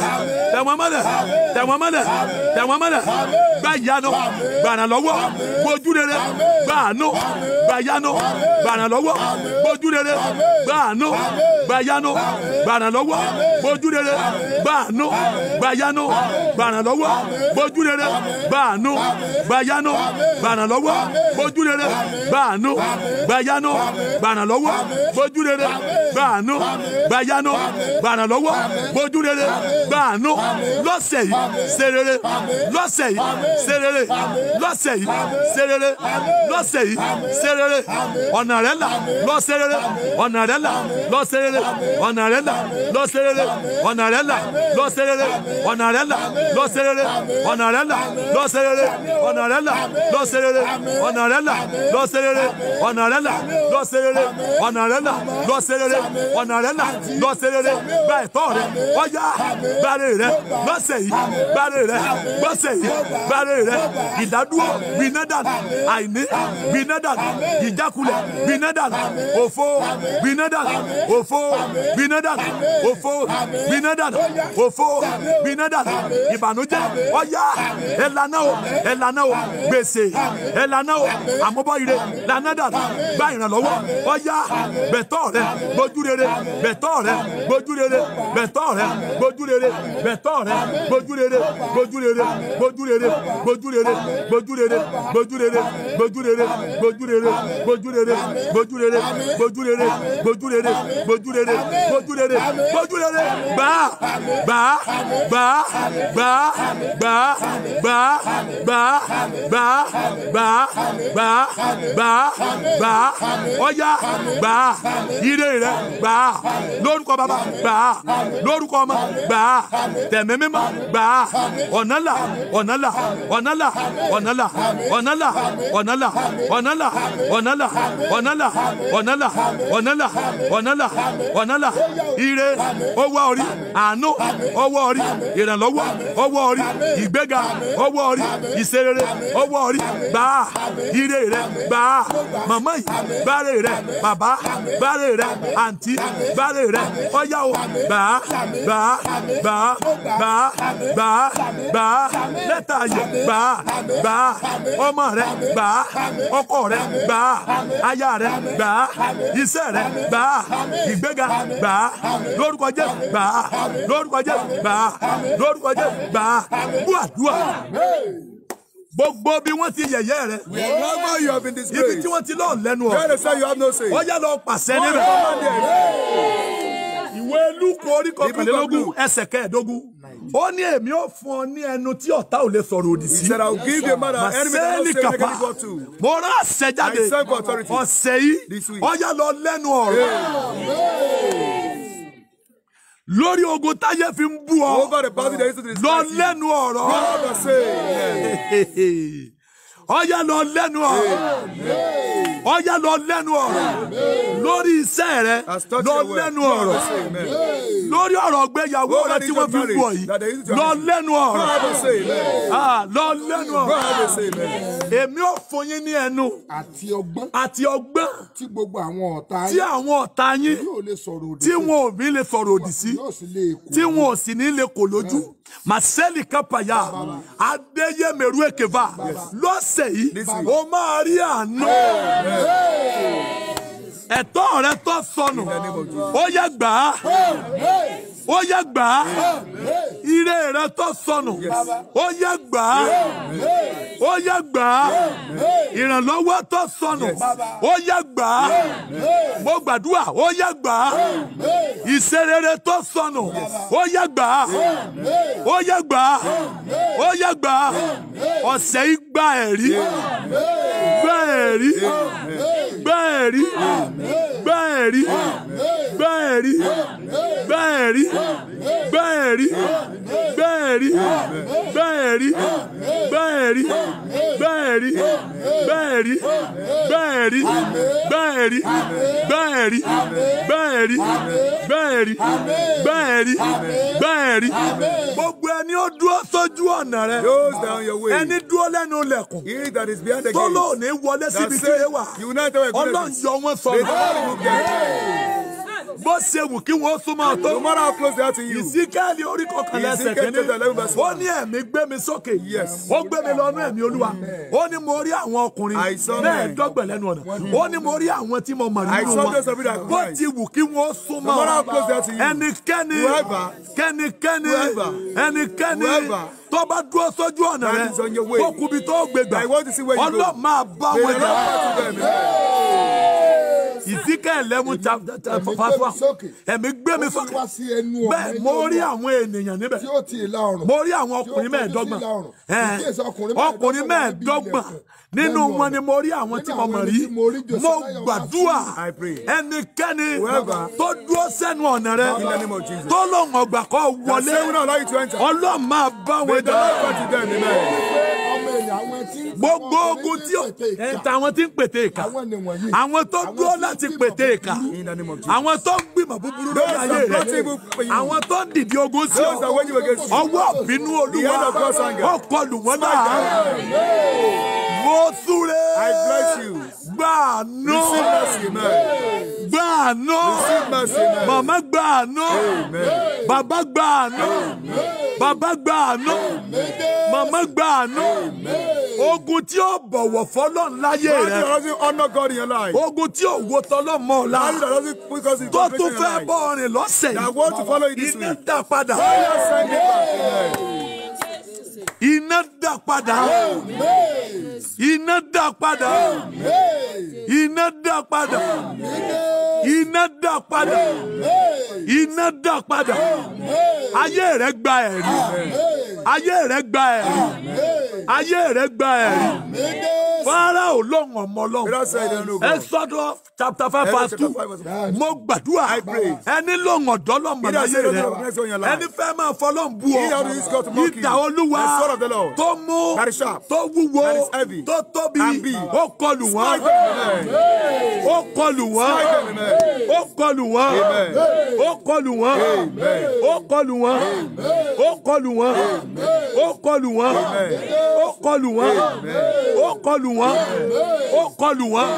S1: mọ́lẹ̀ tẹ̀ wọ́n mọ́lẹ̀ tẹ̀ wọ́n mọ́lẹ̀ tẹ̀ wọ́n mọ́lẹ̀ gba ìyanu gbàrà lọ́wọ́ gbójú rere gba àánú gba ìyanu gbàrà lọ́wọ́ gbójú rere gba àánú gba ìyanu gbàrà lọ́wọ́ gbójú rere gba àánú gba ìyanu gbàrà lọ́wọ́ gbójú rere gba àánú gba ìyanu gbàrà gba àánú lọ́sẹ̀ yìí ṣe rere lọ́sẹ̀ yìí ṣe rere lọ́sẹ̀ yìí ṣe rere lọ́sẹ̀ yìí ṣe rere ọ̀nà rẹ̀ là lọ ṣe rere ọ̀nà rẹ̀ là lọ ṣe rere ọ̀nà rẹ̀ là lọ ṣe rere ọ̀nà rẹ̀ là lọ ṣe rere ọ̀nà rẹ̀ là lọ ṣe rere ọ̀nà rẹ̀ là lọ ṣe rere ọ̀nà rẹ̀ là lọ ṣe rere ọ̀nà rẹ̀ là lọ ṣe rere ọ̀nà rẹ̀ là lọ ṣe rere ọ̀nà rẹ̀ là lọ ṣe rere ọ̀nà rẹ̀ là lọ ṣe rere gba ẹ̀tọ́ rẹ̀ ọ̀yá bàrẹ rẹ bọ́sẹ̀ yìí bàrẹ rẹ bọ́sẹ̀ yìí bàrẹ rẹ ìdádúró gbiná dànù ofo, gbiná ofo, ìjákulẹ̀ ofo, dànù òfo gbiná dànù òfo gbiná dànù òfo gbiná dànù òfo gbiná dànù ìbànújẹ́ ọ̀yá ẹ̀lànà o ẹ̀lànà o gbèsè ẹ̀lànà rere bẹ̀tọ́ rẹ gbójú rere gbójú rere gbójú rere gbójú rere gbójú rere gbójú rere gbójú rere gbójú rere gbójú rere gbójú rere gbójú rere gbójú rere gbójú rere gbójú rere gbójú rere gbà gbà gbà gbà gbà gbà gbà gbà gbà gbà gbà gbà ọ̀yá gbà ire rẹ gbà lórúkọ bàbá gbà lórúkọ ọmọ gbà tẹ̀mí mímọ́ gbà á ọ̀nà là ọ̀nà là ọ̀nà là ọ̀nà là ọ̀nà là ọ̀nà là ọ̀nà là ọ̀nà là ọ̀nà là ọ̀nà là ọ̀nà là ọ̀nà là ọ̀nà là ire ọwọ́ orí àánú ọwọ́ orí ìrànlọ́wọ́ ọwọ́ orí ìgbéga ọwọ́ orí ìṣerere ọwọ́ orí gbà á ire rẹ gbà á màmá yìí gbáre rẹ bàbá gbáre rẹ àǹtí gbáre rẹ ọyá o gbà á gbà á gbà gbà gbà gbà lẹ́tà ayọ̀ gbà gbà ọmọ rẹ gbà ọkọ rẹ gbà aya rẹ gbà iṣẹ́ rẹ gbà ìgbéga gbà lórúkọ Jésù gbà lórúkọ Jésù gbà lórúkọ Jésù gbà gbúàdúà gbogbo bí wọ́n ti yẹ̀yẹ́ rẹ̀. wherever you have been disgraced. ibi tí wọ́n ti lọ́ọ̀ lẹ́nu ọ̀. where they say you have no say. ó yá lọ pàṣẹ níbẹ̀ ìwé lúkọ orí kọkànlélógún ẹsẹ̀ kẹẹ̀dógún ó ní èmi ò fún ọ ní ẹnu tí ọ̀tá ò lè sọ̀rọ̀ òdì sí. ìṣẹ̀dá ò give the man an enemy that no say negative word to. mo rán àṣẹ jáde ọ̀sẹ̀ yìí ọ̀yá lọ lẹ́nu ọ̀rọ̀ lórí ogun táyé fi ń bú ọ lọ lẹ́nu ọ̀rọ̀ ọyá lọ lẹ́nu ọ̀rọ̀ ọyá lọ lẹ́nu ọ̀rọ̀ lórí iṣẹ́ rẹ lọ lẹ́nu ọ̀rọ̀ lórí ọ̀rọ̀ ọgbéyàwó rẹ tí wọ́n fi ń bọ̀ yìí ah, lọ lẹ́nu ọ̀rọ̀ lọ lẹ́nu ọ̀rọ̀ èmi ò fún yín ní ẹnu àti ọgbọ́n àti ọgbọ́n
S2: tí gbogbo àwọn ọ̀tá yín tí àwọn ọ̀tá yín tí wọn ò ní lè sọ̀rọ̀ òdì sí
S1: tí wọn ò sì ní lè kò lójú. Maseli Kapaya, Adeye Meruekeva, lọ́sẹ̀ yìí, o máa rí àánú. Ẹ̀tọ́ rẹ tó sọnù, ó yẹ gbà ó yá gbà á ire rẹ tó sọnù ó
S2: yá gbà á
S1: ó yá gbà á ìrànlọ́wọ́ tó sọnù ó yá gbà á mo gbàdúrà ó yá gbà á ìṣerere tó sọnù ó yá gbà á ó yá gbà á ó yá gbà á ọ̀sẹ̀ yìí ẹ̀rí
S2: gba ẹ̀rí gba ẹ̀rí gba ẹ̀rí gba ẹ̀rí bẹ́ẹ̀ rí bẹ́ẹ̀ rí bẹ́ẹ̀ rí bẹ́ẹ̀ rí bẹ́ẹ̀ rí bẹ́ẹ̀ rí bẹ́ẹ̀ rí bẹ́ẹ̀ rí bẹ́ẹ̀ rí bẹ́ẹ̀ rí bẹ́ẹ̀ rí bẹ́ẹ̀ rí bẹ́ẹ̀ rí bẹ́ẹ̀ rí gbogbo
S1: ẹni ó dúró sójú ọ̀nà rẹ ẹni dúró lẹ́nu lẹ̀kùn tó lóòní wọlé síbi tí ẹ wà ọlọ́run yọ wọn sọ bó ṣe wù kí wọ́n súnmọ́ tó. no matter how close they are to you. ìsíkẹ́lì orí kọkànlá ẹsẹ̀ kẹ́ni ó ní ẹ̀mí gbé mi sókè ó gbé mi lọ́nú ẹ̀mí olúwa ó ní mo rí àwọn ọkùnrin bẹ́ẹ̀ dọ́gbẹ̀ lẹ́nu ọ̀nà ó ní mo rí àwọn tí mo mọ̀ nínú wọn bó ti wù kí wọ́n súnmọ́ ẹnikẹ́ni kẹ́nikẹ́ni ẹnikẹ́ni tó bá dúró sójú ọ̀nà rẹ kó kubi tó gbégbà ọlọ́ọ̀ máa bá wọn jà. Ezekiel eleven chapter five wa ẹ̀mí gbé mi sókè bẹ́ẹ̀ mo rí àwọn ènìyàn níbẹ̀ mo rí àwọn ọkùnrin mẹ́ẹ̀ẹ́dọ́gbọ̀n ọkùnrin mẹ́ẹ̀ẹ́dọ́gbọ̀n nínú wọn ni mo rí àwọn tí eh, mo mọ̀ rí mo gbàdúrà ẹnikẹ́ni tó dúró sẹ́nu ọ̀nà rẹ tó lóun ọgbà kọ́ wọlé ọlọ́run máa bá wọn jẹ́ gbogbo ogun tí ó àwọn tí ń pètè ìkà àwọn tó dúró láti pètè ìkà àwọn tó ń gbìmọ̀ búburú lórí ayé rẹ̀ àwọn tó ń dìde ogun sí ọwọ́ bínú olúwa ọkọlù wọn náà mo súre. I bless you gba
S2: àánú.
S1: gba àánú. màmá gba àánú. bàbá gba àánú. bàbá gba àánú. màmá gba àánú. ogun tí ó bọ̀wọ̀ fọlọ́n láyé rẹ̀. ogun tí ó wo tọ́lọ́ mọ́ la. tó tún fẹ́ bọ́ ọ̀rìn lọ́sẹ̀ yìí. iná dá padà iná dà padà iná dà padà iná dà padà iná dà padà iná dà padà ayé rẹ gba ẹ̀rí ayé rẹ gba ẹ̀rí ayé rẹ gba ẹ̀rí Fara lọ́hùn ọmọ lọ́hùn Exodus chapter five verse two mo gbàdúrà ẹni lọ́hùn ọ̀dọ́ lọ́mọ láyé rẹ ẹni fẹ́ máa fọlọ́hùn ọ ìdá olúwa of the Lord. tó mú that is sharp tó wúwo that is heavy tó tóbi and big ó kọlù wọn ó kọlù wọn ó kọlù wọn ó kọlù wọn ó kọlù wọn ó kọlù wọn ó kọlù wọn ó kọlù wọn ó kọlù wọn ó kọlù wọn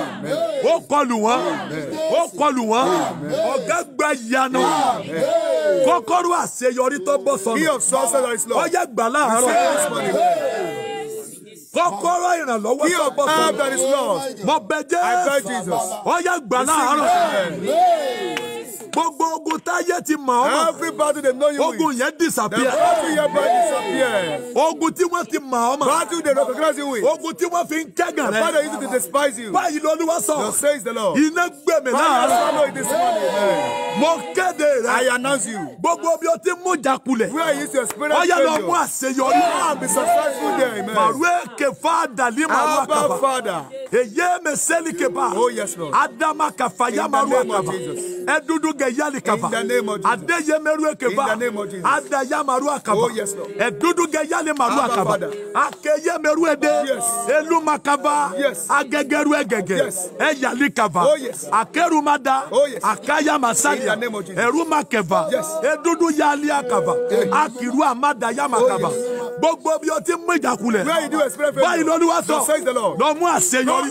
S1: ó kọlù wọn ó kọlù wọn ọ̀gá gba ìyanu kọ́kọ́rọ́ àṣeyọrí tó bọ́ sọnù ọjà gbà láàárọ̀ kọ́kọ́rọ́ ìrànlọ́wọ́ tó bọ̀ sọ̀rọ̀ mo bẹ jẹ́ ọ̀yà gbà láàárọ̀ gbogbo ogun táyé ti mọ̀ ọ́ mọ̀. every battle they know you win. ogun yẹn disappear. the battle yẹn bá disappear. ogun tí wọ́n ti mọ̀ ọ́ mọ̀. battle they recognize you win. ogun tí wọ́n fi ń kẹ́gàn rẹ. the father used to despise you. báyìí lọ́lúwa sọ. the says the Lord. iná gbẹ̀mí náà. father swallow it this morning. mo kéde rẹ. I announce you. gbogbo bí o ti mú jàkulẹ̀. where you use your spirit failure. ọyá lọ mú àṣeyọrí. you ah, will be successful there. amen. màrúwẹ̀ kẹfà dàlí màrúwà kàfà. our father. èyí ẹ̀ mẹsẹ́lì kẹfà. oh yes lord. adama kàfà yamaru àkàfà. ẹdúdú gẹ Adeke Yalikava. Adeye Meru Ekeva. Adaya Maru Akava. Edudu Geyale Maru Akava. Akeye Meru Ede. Elu Yes. Agegeru Egege. Yes. Oh, Akeru Mada. Oh, Akaya Masalia. Eru Makeva. Edudu Yali Akava. Eh. Akiru Amada Yamakava. Oh, Gbogbo bí o ti mú ìjákulẹ̀. Báyìí lọ́lúwa sọ. Lọ mú àṣeyọrí.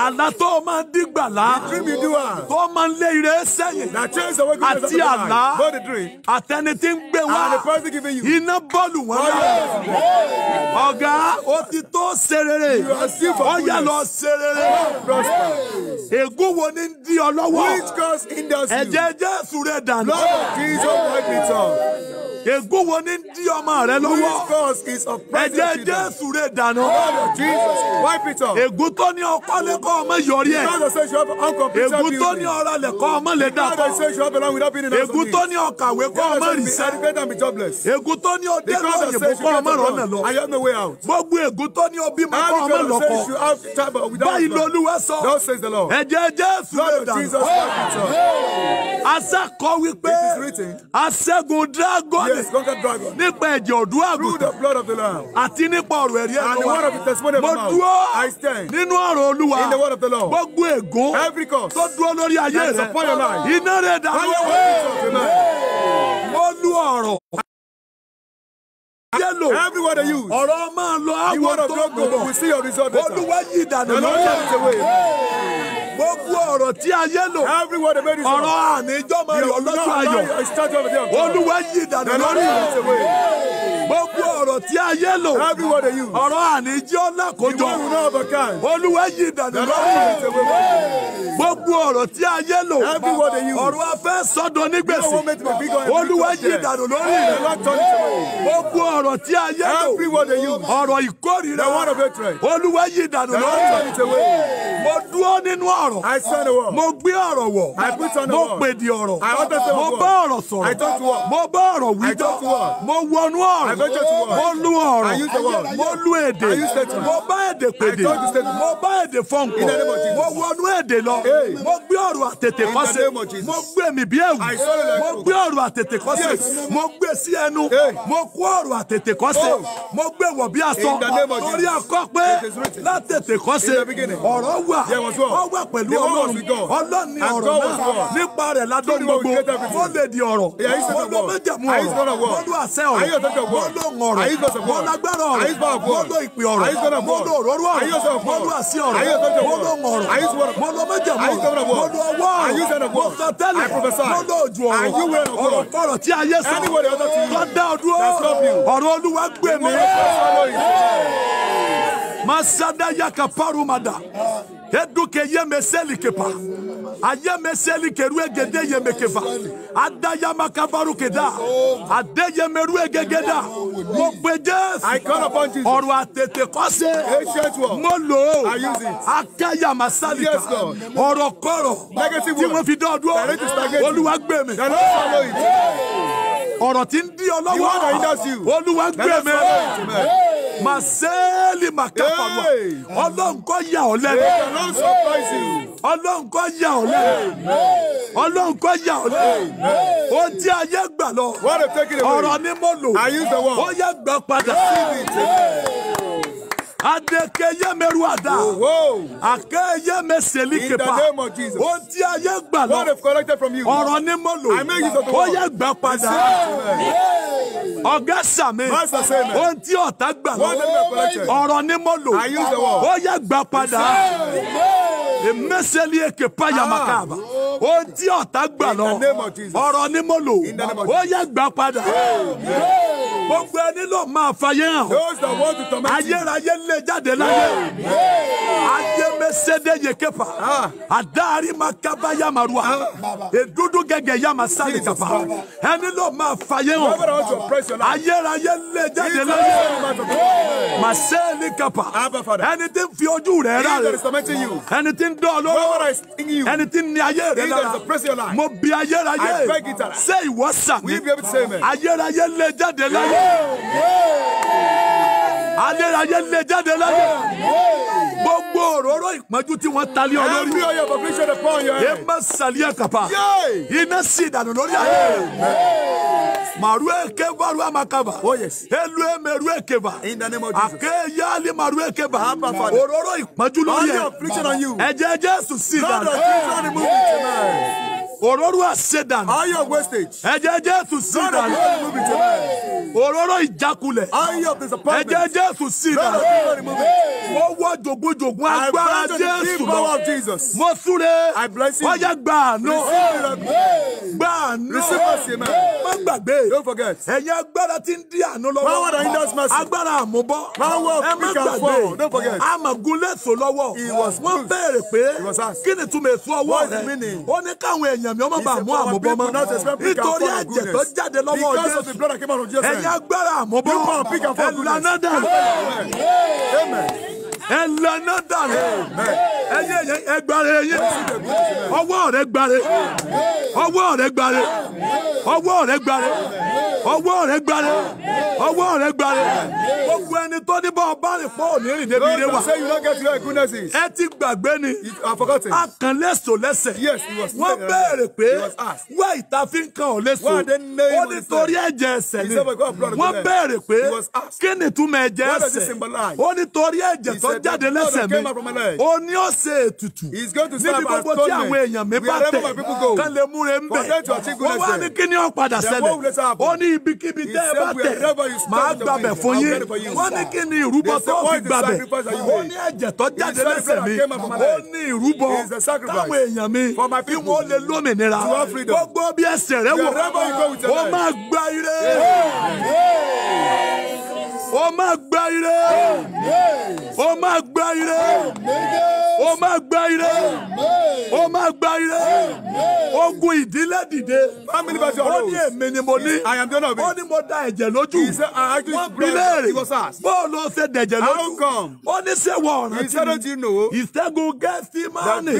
S1: àlá tó máa ń dígbàlá tó máa ń lé ire sẹ́yìn àti àlá àtẹni tí ń gbé wá iná bọ́ọ̀lù wọn náà
S2: oh,
S1: ọ̀gá o ti tó serere ó yà lọ serere oh, ègún wo ni ń di ọ lọ́wọ́ ẹ̀jẹ̀ Jésù rẹ̀ dànù ègún wo ni ń di ọmọ rẹ lọ́wọ́ ẹ̀jẹ̀ Jésù rẹ̀ dànù ègún tó ní ọkọ lẹ́kọ̀ọ́ kọ́ ọmọ yọrí ẹ̀. ègún tó ní ọ̀rọ̀ lẹ̀ kọ́ ọmọ lè dà kọ́. ègún tó ní ọ̀kàwé kọ́ ọmọ rìsẹ́. ègún tó ní ọdẹ lóyìnbó kọ́ ọmọ rọ̀nà lọ. gbogbo ègún tó ní obì máa kọ́ ọmọ lọ́kọ́. báyìí lolúwa sọ. ẹ̀jẹ̀ Jésù lè dànù. asakọ wípé aṣẹ́gun dragoni nípa ẹ̀jẹ̀ ọ̀dọ́ àgùntàn àti nípa ọ̀rọ̀ ẹ̀rí ẹ̀kọ́ wa. mo dúró nínú ọ̀rọ̀ Olúwa the word of the Lord. Gbogbo ègún. Every curse. Tó dúró lórí ayé rẹ̀. That's upon your life. Iná rẹ̀ dàbí ewé. Olú ọ̀rọ̀ yellow. every word they use. ọ̀rọ̀ máa lọ àwọn tó gbogbo. we see your result later. olúwa yí ìdáná lọ́wọ́.
S2: gbogbo ọ̀rọ̀
S1: tí a yé lò. every word they made is ọ̀rọ̀ àníjọ́ máa yọ lọ́jọ́ ayọ̀. olúwa yí ìdáná lọ́wọ́ gbogbo ọ̀rọ̀ tí ayé lò ọ̀rọ̀ àníjọ́ lákòjọ olúwa yí ìdàlú lọ́wọ́ gbogbo ọ̀rọ̀ tí ayé lò ọ̀rọ̀ afẹ́ sọ́dọ̀ nígbèsè olúwa yí ìdàlú lórí gbogbo ọ̀rọ̀ tí ayé lò ọ̀rọ̀ ìkórìíra olúwa yí ìdàlú lórí mo dúró nínú ọ̀rọ̀ mo gbé ọ̀rọ̀ wọ̀ mo pèdè ọ̀rọ̀ mo bá ọ̀rọ̀ sọ̀rọ̀ mo bá ọ̀rọ̀ wíjọ́ mo wọnú ọ̀rọ̀ mo lu ọ̀rọ̀ mo lu èdè mo bá èdè pèdè mo bá èdè fọ̀nkọ̀ mo wọnú èdè lọ mo gbé ọ̀rọ̀ àtètè kọ́sẹ̀ mo gbé mi bí ẹ̀wù mo gbé ọ̀rọ̀ àtètè kọ́sẹ̀ mo gbé sí ẹnu mo kó ọ̀rọ̀ àtètè kọ́sẹ̀ oh. mo gbé wọ̀ bí aṣọ torí akọ́ pé látètè kọ́sẹ̀ ọ̀rọ̀ wà ọ wà pẹ̀lú ọlọ́run ọlọ́run ọ̀rọ̀ náà nípa rẹ̀ ládọ́gbogbo ó lè di ọ̀rọ̀ mo lọ méjèmú ọ̀rọ̀ mo lọ àṣẹ ọ̀rọ̀ lóhùn ọ̀rọ̀ mo lágbára ọ̀rọ̀ mo ló ìpè ọ̀rọ̀ mo ló òróró ọ̀rọ̀ mo ló àṣì ọ̀rọ̀ mo lóhùn ọ̀rọ̀ mo ló méjèmọ̀ mo ló ọwọ́ mo sọ tẹ́lẹ̀ mo ló ojú ọ̀rọ̀ ọ̀rọ̀ kọ̀rọ̀ tí ayé sọ tó dá ọdún ọ̀rọ̀ olúwa gbé mi. Masada yakaparumada. Eduke yemeseli kepa. Ayemeseli keruegede yemekeva adayama kabaru keda adeyemeru egegeda mo pe jésù ọ̀rọ̀ àtètè kọ́sẹ̀ mo lò ó akayama salika ọ̀rọ̀ kọ̀rọ̀ tí mo fi dán dúró olúwa gbé mi ọ̀rọ̀ tí ń di ọ lọ́wọ́ olúwa gbé mi màsẹ́ẹ̀lì màkàfàrọ̀ ọlọ́run kọ́ yà ọ́ lẹ́nu ọlọ́run kọ́ yà ọ́ lẹ́nu ọlọ́run kọ́ yà ọ́ lẹ́nu ó tí ayé gbà lọ ọ̀rọ̀ ni mo lò ó yẹ gbà padà adekeye meruada akeye meseli kepa o ti ayé gbà lọ ọ̀rọ̀ ni mo lò ó yẹ gbà padà ọ̀gá sàmì o ti ọ̀tá gbà lọ ọ̀rọ̀ ni mo lò ó yẹ gbà padà emeseli kepa yamakaba o ti ọ̀tá gbà lọ ni mo lò ó yẹ gbà padà gbogbo ẹni ló máa fàyè hàn ayérayé lè jáde láyé ayé bɛ sede yeke pa adari makaba yamarua edudu gɛgɛ yama sali kapa ɛni lɔ ma fa ye o ayera ye lɛjɛ de la ye ma seli kapa ɛni ti fi ojú rɛ la ɛni ti dɔn lɔ ɛni ni aye rɛ la mo bi ayera ye se iwọ sami ayera ye lɛjɛ adélayé lè jáde láyé gbogbo òróró ìpọ́njú tí wọ́n talé ọ lórí ẹ má sàlẹ̀ kàpá iná sì dànù lórí ayé maru eke varu amakaba. elu emeru ekeba. in the name of Jesus. òróró ìpọ́njú lórí ẹ. all jésù sí i òróró àṣedànù. ayọ̀ wastage. ẹ̀jẹ̀ Jésù sí ìdànù. òróró ìjákulẹ̀. ayọ̀ disappointment. ẹ̀jẹ̀ Jésù sí ìdànù. mo wọ jogunjogun agbára Jésù. mo súre. I bless you. wáyà gbà àánú.
S2: gbà àánú.
S1: má gbàgbé. ẹ̀yin agbára ti ń di àánú lọ́wọ́. that agbára àmúbọ́. power of we can fall. lọ́wọ́. wọ́n bẹ̀rẹ̀ pé kí ni túmọ̀ èso ọwọ́ rẹ̀. ó ní káwọn èèyàn ènìyàn mi ọmọ bá mú àmúbọ́ mọ́ nítorí ẹ̀jẹ̀ tó jáde lọ́wọ́ Jésù ẹ̀yin agbára àmúbọ́ ẹ̀ lànà dà ẹ lànà dànù ẹyẹ ẹyẹ ẹgbàre ẹyẹ ọwọ́ rẹ gbàre ọwọ́ rẹ gbàre ọwọ́ rẹ gbàre ọwọ́ rẹ gbàre ọwọ́ rẹ gbàre gbogbo ẹni tó ní bá ọba rẹ fọ òní rìn débi ilé wa ẹ ti gbàgbé ni akànlẹ́sọ lẹ́sẹ̀ wọ́n béèrè pé wá ìta fi ń kan ọ̀ lẹ́sọ ó nítorí ẹ̀jẹ̀ ẹ̀ṣẹ̀ ni wọ́n béèrè pé kí ni túmọ̀ ẹ̀jẹ̀ ẹ̀ṣẹ̀ ó nítorí ẹ̀jẹ̀ tó ó jáde lẹ́sẹ̀ mi ó ní ó ṣe ètùtù níbi gbogbo tí àwọn èèyàn mi bá tẹ̀ kán lè múre ń bẹ̀ wọ́n wá ní kí ni ó padà ṣẹlẹ̀ ó ní ibikíbi tẹ́ ẹ bá tẹ̀ máa gbàbẹ̀ fún yín wọ́n ní kí ni ìrúbọ tó fi gbàbẹ̀ ó ní ẹ̀jẹ̀ tó jáde lẹ́sẹ̀ mi ó ní ìrúbọ táwọn èèyàn mi kí wọ́n lè lómìnira gbogbo bí ẹsẹ̀ rẹ wọ̀ ó máa gba ire
S2: o máa gba ire
S1: o máa gba ire o máa gba ire
S2: o máa gba ire
S1: ogun ìdílé dìde ó ní èmi ni mo ní ó ní mo da ẹ̀jẹ̀ lójú wọ́n bí léèrè bóòlù ó ṣe dẹ̀jẹ̀ lójú ó ní ṣé wọ́n rántí mi ìṣẹ́gun gẹ́símánì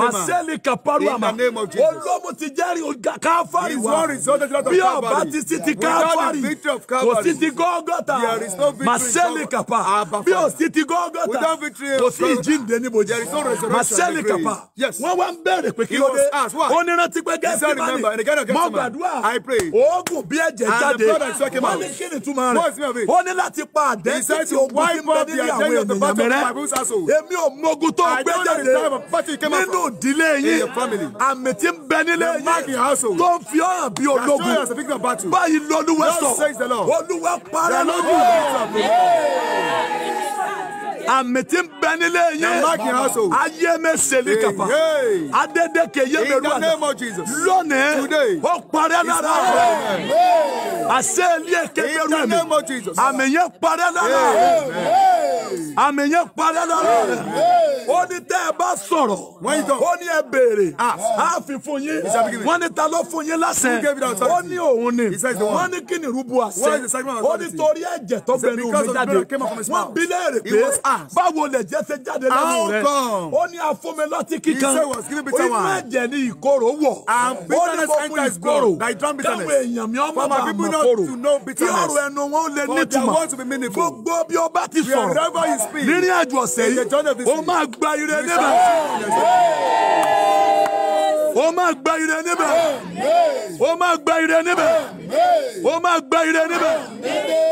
S1: màṣẹ́lì kàpárù àmà olómù ti jẹ́rìí káfárì wá bí ọba ti sí ti káfárì kò sí ti gọ́gọ́ta. There is no victory. Maselikapa. Bí o sì ti Gọ́gọ́ta, kò sí ìjínde níbojì. Maselikapa. Wọ́n wá ń bẹ̀rẹ̀ pé kí ló dé. Ó ní rántí pé Gẹ́sìmánì. Mọ gbàdúrà. Oògùn bí ẹ̀jẹ̀ jáde. Wọ́n ní kí ni túmọ̀ rẹ̀? Ó ní láti pa àdẹ́sí tí ogun ti ń bẹ nílé àwọn ènìyàn mẹ́rẹ́. Èmi ò mogun tó gbé jáde nínú ìdílé yín. Àmì ti ń bẹ nílé yín. Tó ń fi ọ̀ràn bí ológun. Báyìí lọ́lúwẹ̀ sọ. Olúwa parẹ́ lójú. Dessa vez. àmì tí ń bẹ nílé yín ayé mi sèlí kàfà adédèké yé mi rú àná lónìí ó parẹ́ lára rẹ̀ àṣẹ ilé kékeré mi àmì yẹn parẹ́ lára rẹ̀ àmì yẹn parẹ́ lára rẹ̀ ó ní tẹ́ ẹ bá sọ̀rọ̀ ó ní ẹ béèrè á ah. fi fún yín wọ́n ní ta ló fún yín lásẹ̀ ó ní òun ni wọ́n ní kí ni rúbu àṣẹ ó ní torí ẹ̀jẹ̀ tó bẹ̀rẹ̀ òun jáde wọ́n bí léèrè pé ah, asked, Báwo lẹ̀jẹ̀ ṣe jáde lẹ́nu rẹ̀? How come? Ó ní afúnmilọ́tí kíkan. He said was given bitter wine. Ó ní ẹ̀jẹ̀ ni ìkorò wọ̀. And bitterness enter his blood. Thy drum bitterness. Káwọn èèyàn mi ọmọ bá mọ̀ korò. Kí ọ̀rọ̀ ẹnu wọn ó lè nítumọ̀. Gbogbo bí o bá ti sọ̀rọ̀. Nírìn àjò ọ̀sẹ̀ yìí, o máa gba ire níbẹ̀ ó máa gba ire
S2: níbẹ̀
S1: ó máa gba ire níbẹ̀ ó máa gba ire níbẹ̀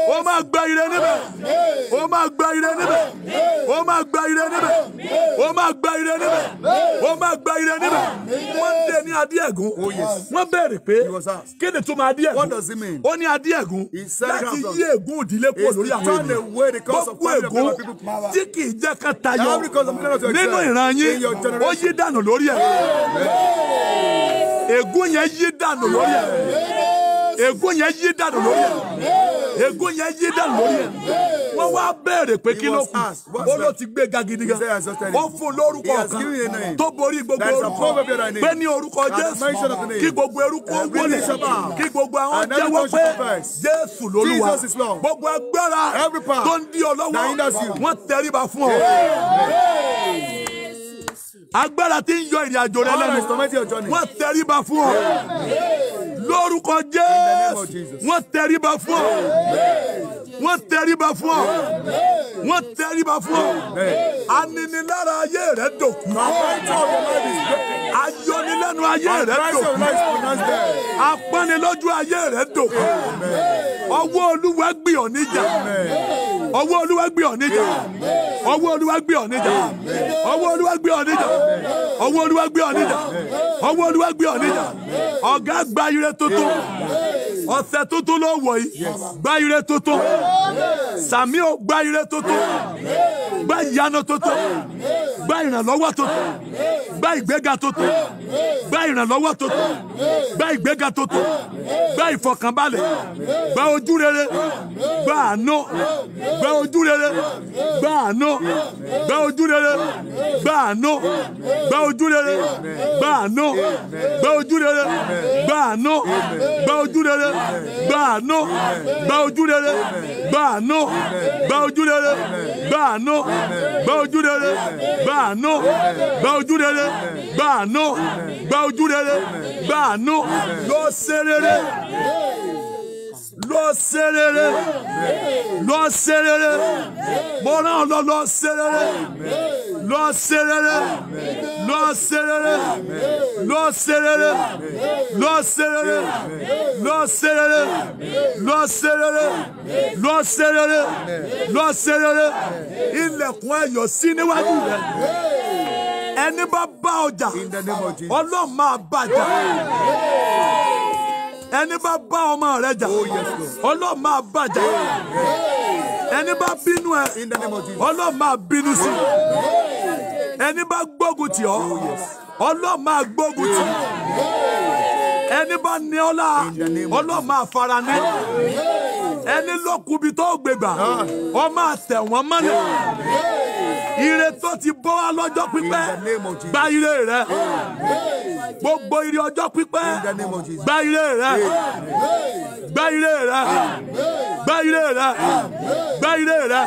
S1: ó máa gba ire níbẹ̀ ó máa gba ire níbẹ̀ ó máa gba ire níbẹ̀ ó máa gba ire níbẹ̀ ó máa gba ire níbẹ̀ wọ́n ń dé ní adíẹ̀gún oh, wọ́n bẹ̀rẹ̀ pé kéde tó máa adíẹ̀gún ó ní adíẹ̀gún láti yí ègún òdìlé kúrò lórí àwọn ènìyàn gbogbo ègún tí kì í jẹ́ ká tayọ nínú ìran yín ó yí dànù lórí ẹ̀ ègún yẹn yí dànù lórí
S2: ẹ
S1: ègún yẹn yí dànù lórí ẹ ègún yẹn yí dànù lórí ẹ wọ́n wá béèrè pé kí ló kù ó ló ti gbé ga gidi gan ó fún lórúkọ kan tó borí gbogbo orúkọ pé ní orúkọ Jésù kí gbogbo orúkọ wọlé kí gbogbo àwọn jẹ́wọ́ pé Jésù lólúwa gbogbo agbára tó ń di ọ lọ́wọ́ wọ́n tẹríba fún ọ agbára tí ń yọ ìrìn àjò rẹ lẹ́nu wọ́n tẹríba fún ọ lórúkọ Jésù wọ́n tẹríba fún ọ wọ́n tẹríba fún ọ wọ́n tẹríba fún ọ aninilára ayé rẹ dòkú apanilẹ́nu ayé rẹ̀ dò apanilójú ayé rẹ̀ dò ọwọ́ olúwa gbé ọ níjà ọwọ́ olúwa gbé ọ níjà ọwọ́ olúwa gbé ọ níjà ọwọ́ olúwa gbé ọ níjà ọwọ́ olúwa gbé ọ níjà ọwọ́ olúwa gbé ọ níjà ọ̀gá gba ire tuntun ọ̀sẹ̀ tuntun ló wọ̀ yìí gba ire tuntun sàmí ò gba ire tuntun gba ìyanu tuntun gba ìrànlọ́wọ́ tuntun gba ìgbéga tuntun gba ìrànlọ́wọ́ tuntun gba ìgbéga tuntun gba ìfọkànbalẹ̀ gba ojú rere gba àánú gba ojú rere gba àánú gba ojú rere gba àánú gba ojú rere gba àánú gba ojú rere gba àánú gba ojú rere gba àánú gba ojú rere gba àánú gba ojú rere gba àánú gba ojú rere gba àánú gba ojú rere gba àánú gba ojú rere gba àánú lọ ṣe rere lọ ṣe rere lọ ṣe rere mo rán ọ lọ lọ ṣe rere lọ ṣe rere lọ ṣe rere lọ ṣe rere lọ ṣe rere ẹni bá bá ọjà ọlọ́run máa bàjá. ẹni bá bá ọmọ rẹ jà oh, ọlọ́run máa bàjà ẹni bá bínú ẹ ọlọ́run máa bínú sí ẹni bá gbógun tì ọ oh, ọlọ́run máa gbógun tì ẹni bá ní ọlá ọlọ́run máa fara ní. ẹni lọ́kùnbi tó gbégbà ọ máa tẹ̀ wọ́n mọ́lẹ̀ ire tó ti bọ́ wá lọ́jọ́ pípẹ́ gba ire rẹ gbogbo ire ọjọ́ pípẹ́ gba ire rẹ gba ire rẹ gba ire rẹ gba ire rẹ gba ire rẹ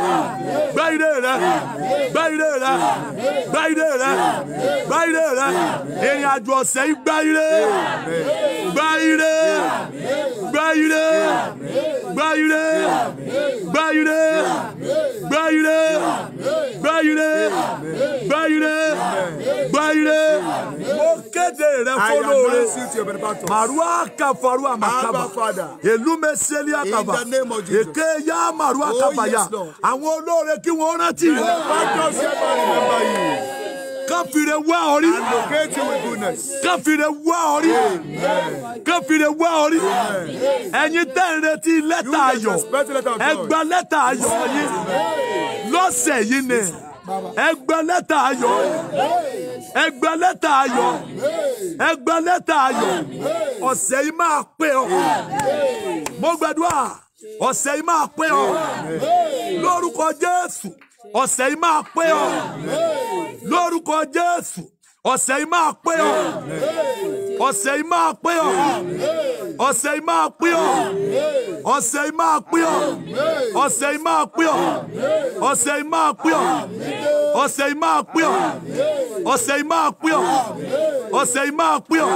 S1: gba ire rẹ gba ire rẹ gba ire rẹ ìrìn àjò ọ̀sẹ̀ yìí gba ire gba ire gba ire gba ire ire gba ire
S2: gba ire gba ire gba ire gba ire mo
S1: kéde rẹ fọlọ́ọ̀rẹ́ màrúwà kàfàrúwà màkàbà èlú mẹsẹ̀lì àkàbà èké yá màrúwà oh, kàbà yá àwọn olóore kí wọ́n rántí rẹ. Kán fi ire wá ọ rí. Kán fi ire wá ọ rí. Kán fi ire wá ọ rí. Ẹ̀yin tẹ́ ń retí lẹ́tà ayọ̀. Ẹ gba lẹ́tà ayọ̀ yín. Lọ́sẹ̀ yìí ni ẹ gba lẹ́tà ayọ̀. Ẹ gba lẹ́tà ayọ̀. Ẹ gba lẹ́tà ayọ̀. Ọ̀sẹ̀ yìí máa pé ọ. Mo gbàdúrà ọ̀sẹ̀ yìí máa pé ọ. Lórúkọ Jésù ọ̀sẹ̀ yìí máa pé ọ lórúkọ Jésù ọ̀sẹ̀ yìí máa pé ọ ọ̀sẹ̀ yìí máa pé ọ ọ̀sẹ̀ yìí máa pín ọ́ ọ̀sẹ̀ yìí máa pín ọ́ ọ̀sẹ̀ yìí máa pín ọ́ ọ̀sẹ̀ yìí máa pín ọ́ ọ̀sẹ̀ yìí máa pín ọ́ ọ̀sẹ̀ yìí máa pín ọ́ ọ̀sẹ̀ yìí máa pín ọ́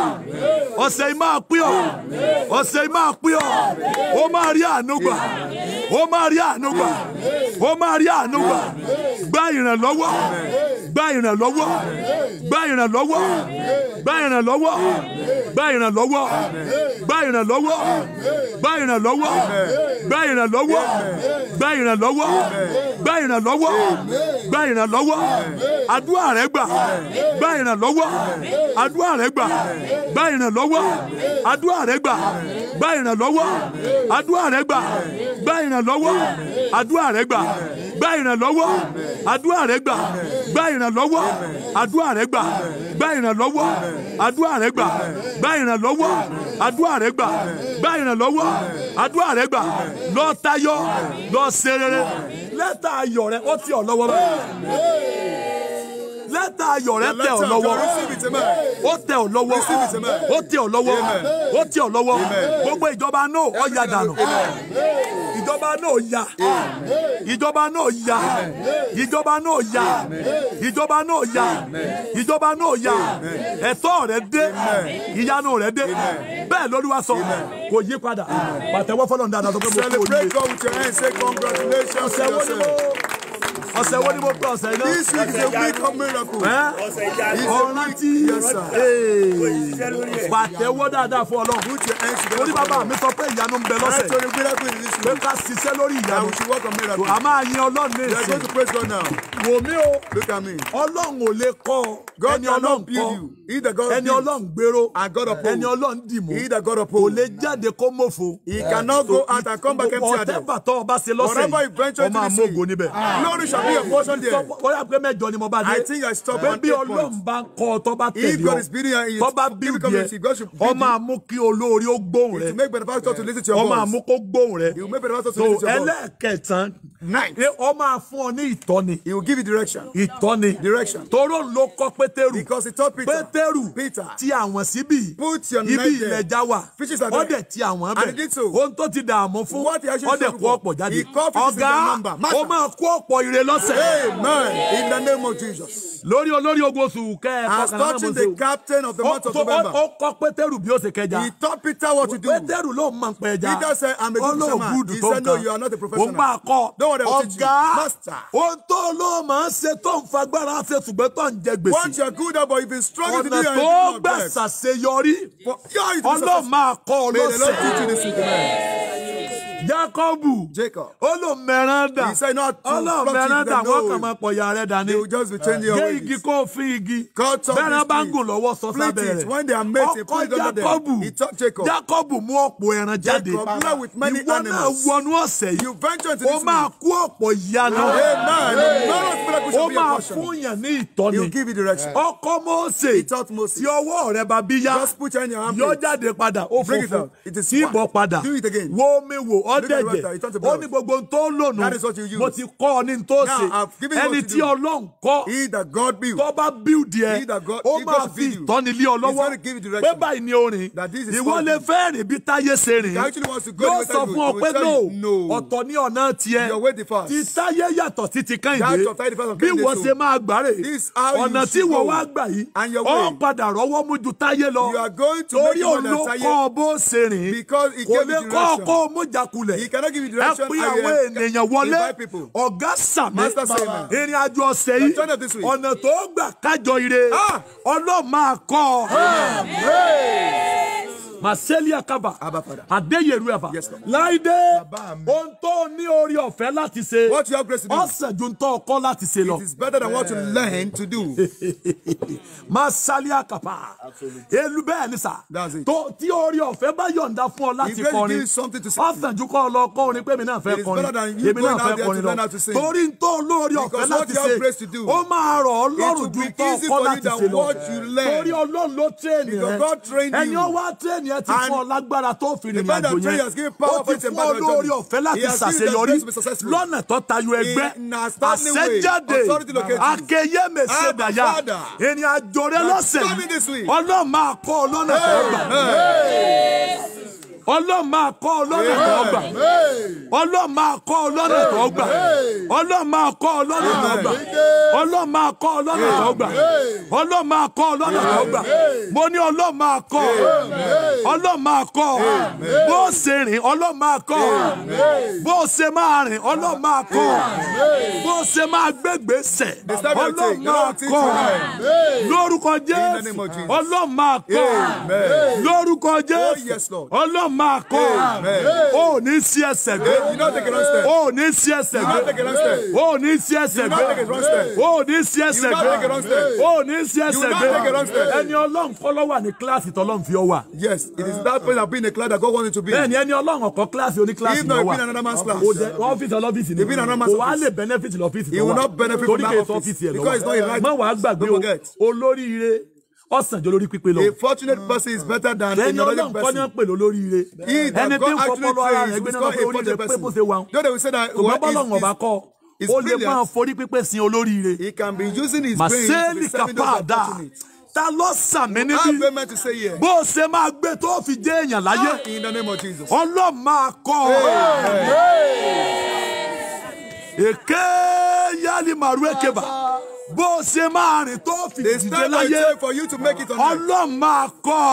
S1: ọ̀sẹ̀ yìí máa pín ọ́ ọ̀sẹ̀ yìí máa pín ọ́ ó máa rí àánú gbà ó máa rí àánú gbà ó máa rí àánú gbà gba ìrànlọ́wọ́ gba ìrànlọ́wọ́ gba ìrànlọ́wọ́ gba ìrànlọ́wọ́ gba ìrànlọ́wọ́ gba ìrànlọ́wọ́ gba ìrànlọ́wọ́ gba ìrànlọ́wọ́ gba ìrànlọ́wọ́ gba ìrànlọ́wọ́ gba ìrànlọ́wọ́ àdúrà rẹ gbà gba ìrànlọ́wọ́ àdúrà rẹ gbà gba ìrànlọ́wọ́ àdúrà rẹ gbà gba ìrànlọ́wọ́ àdúrà rẹ gbà gba ìrànlọ́wọ́ àdúrà rẹ gbà gba ìrànlọ́wọ́ àdúrà rẹ gbà gba ìrànlọ́wọ́ àdúrà rẹ gbà gba ìrànlọ́wọ́ àdúrà rẹ gbà gba ìrànlọ́wọ́ àdúrà rẹ gbà gba ìrànlọ́wọ́ àdúrà rẹ gbà lọ tayọ lọ ṣe rere lẹ́tà ayọ̀ rẹ ó ti ọ̀ lọ́wọ́
S2: báyìí
S1: lẹ́tà ayọ̀ rẹ tẹ̀ ọ́ lọ́wọ́ ó tẹ̀ ọ́ lọ́wọ́ ó tẹ̀ ọ́ lọ́wọ́ ó tẹ̀ ọ́ lọ́wọ́ gbogbo ìjọba náà ó yà dànù ìjọba náà yà ìjọba náà yà ìjọba náà yà ìjọba náà yà ìjọba náà yà ẹ̀tọ́ rẹ dé ìyanu rẹ dé bẹ́ẹ̀ lÓlúwa sọ kò yí padà pàtẹ́wọ́ fọlọ́ndà àdàtọ́ pé mo kò yí. celebrate God with your hands say congratulations to yourself ọ̀sẹ̀ wo ni mo pè ọ̀sẹ̀ náà. this week is a week of miracle. ọ̀ràn tí pàtẹ́wọ́ dáadáa fún ọlọ́run. orí bàbá mi sọ pé ìyanu ń bẹ lọ́sẹ̀. pé ká ṣiṣẹ́ lórí ìyanu. a máa yin ọlọ́run ní ìsìn. wò mí o ọlọ́run ò lè kọ́ ẹni ọlọ́run kọ́ ẹni ọlọ́run gbèrò ẹni ọlọ́run dìmọ̀ kò lè jáde kó mọ̀fọ́. he cannot go out and come back empty handed. ọ̀tẹ́bàtọ̀ ọba ṣe lọ́sẹ̀ yìí ọmọ àmọ́gò níbẹ̀. lórí àbí your portion there. bóyá pé mẹ́jọ ni mo bá dé. I think I stop at eight points. bí Ọlọ́run bá ń kọ́ ọ tó bá tẹ̀lé o. if God is building your tó bá build yẹ ọ máa mú kí olórí ó gbóhùn rẹ. to make benefactor to listen to your voice. ọ máa kó gbóhùn rẹ. you make benefactor to listen to your voice. ẹlẹ́ẹ̀kẹtàn. nine. ọ máa fún ọ ní ìtọ́ni. he will give you direction. ìtọ́ni. direction. toró ló kọ́ Pétérù. because he told Peter. Pétérù. Peter. ti àwọn síbí. put your knife there. ibi ilẹ̀ já wà. fishes are there. ọdẹ ti àwọn bẹ̀. and he did so. ohun tó ti dààmú fún. what he actually said before. ọdẹ kó ọ̀pọ̀ jáde. he called fishes in the number. ọ̀gá ó máa kó ọ̀pọ̀ ire lọ́sẹ̀. amen in the name of jesus. lórí olórí ogun oṣù kẹẹ̀ẹ́dọ́gbọ̀n. as touching the captain of the month of november. ó kọ́ pétérù bí ó ṣe kẹja. he taught peter what to do. pétérù ló máa ń pẹ peter said i'm a good fisherman. he said no you are not a professional. ó gbà kọ́ ọ̀gá ohun tó ló máa ń ṣe tó ń fagbára ṣe ṣùgbọ́n tó ń jẹ gbèsè. once you are good but if you struggle to do your own work. ọ̀nà tó gbà ṣàṣeyọrí. ọlọ́ọ̀ máa kọ́ ọ lọ́sẹ̀. Jacobu. Jacob. Olùmẹ̀ràndà. He said not to Olùmẹ̀ràndà wọ́n kàn máa pọ̀ ya rẹ̀ dání. They will just be changing your ways. Gé igi kó fin igi. Cut off the tree. Bẹ́ẹ̀rẹ̀ bá ń gùn lọ́wọ́ sọ sábẹ́ rẹ̀. Split it when they are made. Ọkọ Jacobu. He touched Jacob. Jacobu mú ọ̀pọ̀ ẹran jáde. Jacob lay with many animals. Ìwọ náà wọnú ọ̀sẹ̀ yìí. You venture into this week. O máa kú ọ̀pọ̀ ìyanu. Amen. O máa fún yàn ní ìtọ́ni. He will give you direction. Ọkọ Mose. He taught Moses. Ti ọwọ́ rẹ̀ bá bí yá. Just put your hand in your hand. Yọ jáde padà. Ó funfun. Bring it out. It is fine. Tí ìbọn padà. Do it again. Wo mi wò ọ ọ̀dẹ̀jẹ̀ ó ní gbogbo tó lónù mo ti kọ́ ọ ní tó ṣe ẹni tí ọlọ́run kọ́ tó bá build ẹ ó máa fi ìtọ́nilé ọ lọ́wọ́ pé báyìí ni ó rìn ìwọ lè fẹ́ rìn bí táyé ṣe rìn yóò sọ fún ọ pé no ọ̀tọ̀ ní ọ̀nà tiẹ̀ ti táyé yàtọ̀ sí ti kẹ́hìndé bí wọ́n ṣe máa gbà rè ọ̀nà tí wọ́n wá gbà yìí ó ń padà rọ́wọ́ mú ju táyé lọ torí olókọ́ bó ṣe rìn kò lè kọ́ ọkọ́ mú jàkú lulẹ̀. he cannot give you direction. ẹ pín àwọn ènìyàn wọlé ọ̀gá sàmì ìrìn àjò ọ̀sẹ̀ yìí ọ̀nà tó gbà kájọ ire ah! ọlọ́ọ̀ máa kọ́ ọ. Maselia Kaba. Adeyeru Eva. Láìdé. Ohun tó ni orí ọ̀fẹ́ láti ṣe. What you have grace to do. Ọ̀sẹ̀ ju tó ọkọ́ láti ṣe It is better than what you eh. learn to do. (laughs) Masalia Kaba. Elu bẹ́ẹ̀ ni sà. That's it. To Tó tí orí ọ̀fẹ́ bá yọ̀ǹda fún ọ láti kọrin. Ọ̀sẹ̀ ju kọ́ lọ kọrin pé mi náà fẹ́ kọrin. Èmi náà fẹ́ kọrin lọ. Torí ń tó lórí ọ̀fẹ́ láti ṣe. Ó máa rọ̀ ọ́ lọ́rùn ju tó ọkọ́ láti ṣe lọ. Torí Ọlọ́run ló tẹ̀lé you Ẹni ó wá tẹ̀lé yẹn ti fún ọ lágbára tó fi rìnrìn àjò yẹn ó ti fún ọ lórí ọ̀fẹ́ láti ṣàṣeyọrí lọ́nà tó tayọ ẹgbẹ́ àṣẹjáde akeyemẹsẹdàyà ìrìn àjò rẹ lọ́sẹ̀ ọlọ́ọ̀ máa kọ́ ọ lọ́nà tó gbà ọlọ́run máa kọ́ ọlọ́nà tó gbà ọlọ́run máa kọ́ ọlọ́nà tó gbà ọlọ́run máa kọ́ ọlọ́nà tó gbà ọlọ́run máa kọ́ ọlọ́nà tó gbà ọlọ́run máa kọ́ ọlọ́nà tó gbà mo ní ọlọ́run máa kọ́ ọlọ́run máa kọ́ bó o ṣe rìn ọlọ́run máa kọ́ bó o ṣe máa rìn ọlọ́run máa kọ́ bó o ṣe máa gbégbé sẹ̀ ọlọ́run máa kọ́
S2: lórúkọ Jésù
S1: ọlọ́run máa kọ́ lórúkọ Jésù ọlọ́run máa kọ́ o ní sí ẹsẹ̀ gbé o ní sí ẹsẹ̀ gbé o ní sí ẹsẹ̀ gbé o ní sí ẹsẹ̀ gbé o ní sí ẹsẹ̀ gbé ẹni ọlọ́run fọlọ́ wà ní yes it is that place that be in a class that God wanted to be. Then bẹ́ẹ̀ni ẹni ọlọ́run ọkọ kíláàsì oní kíláàsì ni ọ wà o jẹ ọfíìsì ọlọfíìsì ni o wà á lè benefit lọfíìsì ni o wà torí kò èso ọfíìsì ẹ lọ wà má Don't forget. Oh olóríire ọsàn jọ lórí pípé lọ. a fortunate person is better than a knowledgeable person. ẹni ọlọ́run kọ́ ni wọ́n pè lólóríire. ẹni tí ń fọpọlọ ara rẹ̀ gbé náà pé oríire pé bó ṣe wà. ṣùgbọ́n bọ́lọ̀ wọn bá kọ́ o lè máa forí pípé sin olóríire. he can be using his brain to be serving those opportunities ta ló sàmì níbí bó o ṣe máa gbé tó fi dé èèyàn láyé ah, ọlọ́run máa kọ́ ọ. èké yálì màrú èkébà bó o ṣe máa rìn tó fi dìde láyé ọlọ́run máa kọ́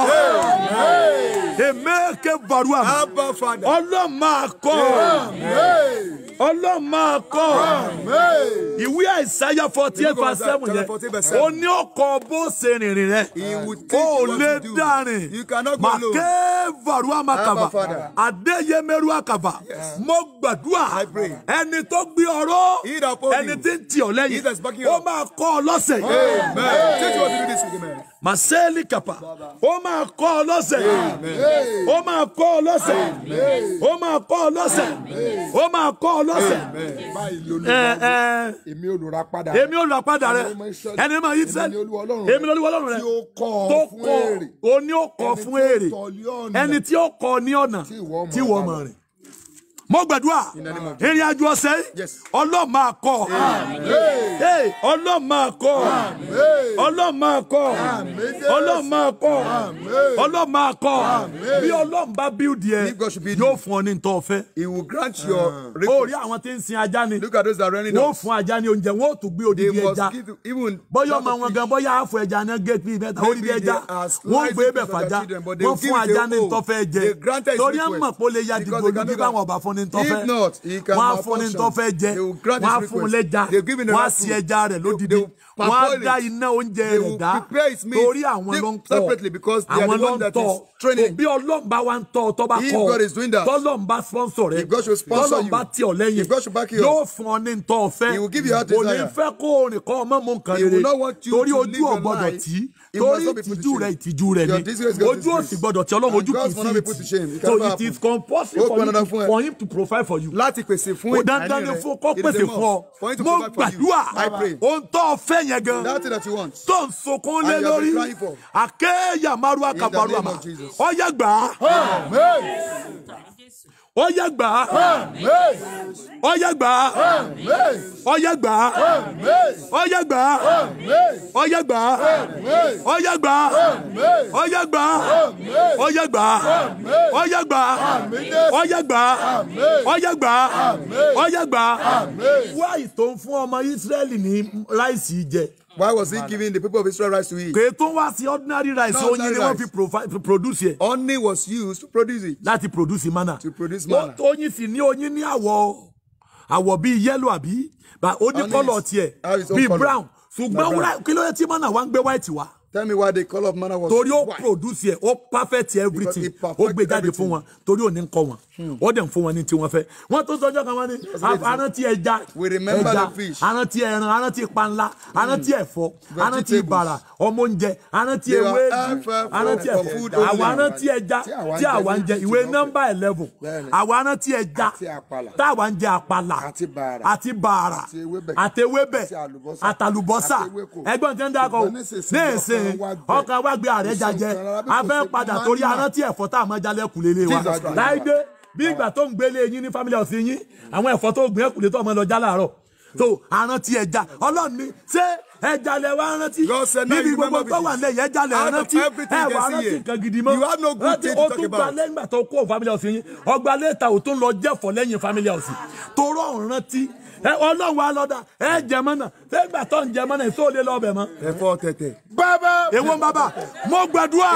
S1: èmẹ́kẹ́ bàrúwà ọlọ́run máa kọ́ ọlọ́run máa kọ́ ìwé àìsáyà forty eight verse seven yẹn ó ní ọkọ̀ bó ṣe rìnrìn rẹ ó lè dárìn màkẹ́ bàrúwà màkàbà àdéyẹmẹ́rú àkàbà mo gbàdúrà ẹni tó gbé ọ̀rọ̀ ẹni tí ń tì ọ́ lẹ́yìn ó máa kọ́ ọ lọ́sẹ̀ yìí. Màsẹ́lì kàpà, ó máa kọ́ ọ lọ́sẹ̀ yìí. Ó máa kọ́ ọ lọ́sẹ̀ yìí. Ó máa kọ́ ọ lọ́sẹ̀ yìí. Ó máa kọ́ ọ lọ́sẹ̀ yìí. Èmi olùrapadà rẹ̀. Èmi olùrapadà rẹ̀. Ẹni máa yí sẹ́ni. Èmi lórí Ọlọ́run rẹ̀. Tó kọ́ o ní ó kọ́ fún èrè. Ẹni tí ó kọ́ ní ọ̀nà tí wọ́n mọ̀ rìn mo gbàdúrà ìrìn àjò ọ̀sẹ̀ ọlọ́run máa kọ́ ọlọ́run máa kọ́ ọlọ́run máa kọ́ ọlọ́run máa bí ọlọ́run bá bíldì ẹ yóò fún ọ ní ntọ́ ọ̀fẹ́. he will grant your ah. request. o rí àwọn tí ń sin ajá ni wọ́n fún ajá ní oúnjẹ wọ́n ò tún gbé odidi ẹja bọ́yọ̀ ọmọ wọn gan bọ́yọ̀ àfọ ẹja náà gé pín mẹ́ta odidi ẹja wọ́n gbé bẹ́ẹ̀ fàjá wọ́n fún ajá ní ntọ́fẹ́ jẹ torí ẹ̀ mọ̀ pé ó lè ya dìgbò ní bí báwọn ọba fún ní tọ́fẹ́ wọ́n á fún ní tọ́fẹ́ jẹ wọ́n á fún lẹ́ja wọ́n á sí ẹja rẹ̀ lódìdí wọ́n á dá iná oúnjẹ rẹ̀ dá torí àwọn ló ń tọ́ àwọn ló ń tọ́ òbí ọlọ́mba wa ń tọ́ ọtọ́ bá kọ́ tọ́lọ́mba sponsor rẹ̀ tọ́lọ́mba tí ọ lẹ́yìn yóò fún ọ ní tọ́ ọ̀fẹ́ kò ní fẹ́ kó o rìn kọ́ ọmọ mọ̀ nǹkan rere torí ojú ọ̀gbọ́dọ̀ tí torí ìtìjú rẹ ìtìjú rẹ ni ojú òsì gbọ́dọ̀ tí Ọlọ́run ojú kìí sí it so it is compulsory for him to provide for you. láti pèsè fún ìdílé rẹ dandan ni fún kó pèsè fún ọ mo gbàdúrà ohun tó fẹ́ yẹn gan tó ń sọkún lé lórí akéyàmárù akabaru àmà ọyẹ ọyẹ gbà á ọyẹ gbà á ọyẹ gbà á ọyẹ gbà á ọyẹ gbà á ọyẹ gbà á ọyẹ gbà á ọyẹ gbà á ọyẹ gbà á ọyẹ gbà á ọyẹ gbà á ọyẹ gbà á wá ìtò fún ọmọ Ísírẹ́lì ní ráìsì jẹ why was he giving the people of Israel rice to eat. kò tó wá sí ordinary rice oyin ni wọ́n fi produce yẹ. honey was used to produce it. láti produce manna. to produce manna. oyin sì ní oyin ní àwọ̀ àwọ̀ bíi yellow àbí ó ní kọ́lọ̀ tiẹ̀ bíi brown ṣùgbọ́n kí ló yẹ tí manna wá ń gbé white wá. Tell me why the color of manna was. Torí ó produce yẹ, ó perfect everything, ó gbé jáde fún wọn, torí ò ní kọ́ wọn. Hmm. wọ́n dẹ̀ ń fún wọn ní tiwọn fẹ́ wọ́n tó sọjọ́ kan wọ́n ní arántí ẹja ẹja arántí ẹran arántí panla arántí hmm. ẹ̀fọ́ arántí ìbàrà ọmọ oúnjẹ arántí ewédú arántí ẹ̀fọ́ àwọn arántí ẹja tí àwa ń jẹ ìwé nọ́mbà eleven àwọn arántí ẹja táwa ń jẹ àpàlà àti bàrà àti ewébẹ̀ àtàlùbọ́sà ẹgbọ́n tí ń dákọ̀ ní ìsìn ọkàn wá gbé àrẹ́jà jẹ afẹ́ padà torí arántí ẹ̀fọ́ tá a máa jalẹ̀ kù lélẹ̀ wa láìdé bí ìgbà tó ń gbélé yín ní family house yín àwọn ẹ̀fọ́ tó gbìn ẹ̀kùlé tó ọmọ lọ já láàárọ̀ so arántí ẹja ọlọ́run ni ṣé ẹja lẹ wá rántí níbi gbogbo tó wà lẹ́yìn ẹja lẹ rántí ẹ wà rántí nǹkan gidi mọ́ rántí o tún gba lẹ́yìn ìgbà tó kó family house yín ọgbà lẹ́ta o tún lọ jẹ́fọ́ lẹ́yìn family house torọ́ rántí ọlọ́run wa lọ́dà ẹ jẹmọ́ fẹ́gbà tó ń jẹmọ́ náà èso lọ́bẹ̀ mọ́. ẹ fọ tẹ̀tẹ̀. bàbá ewo bàbá mo gbàdúrà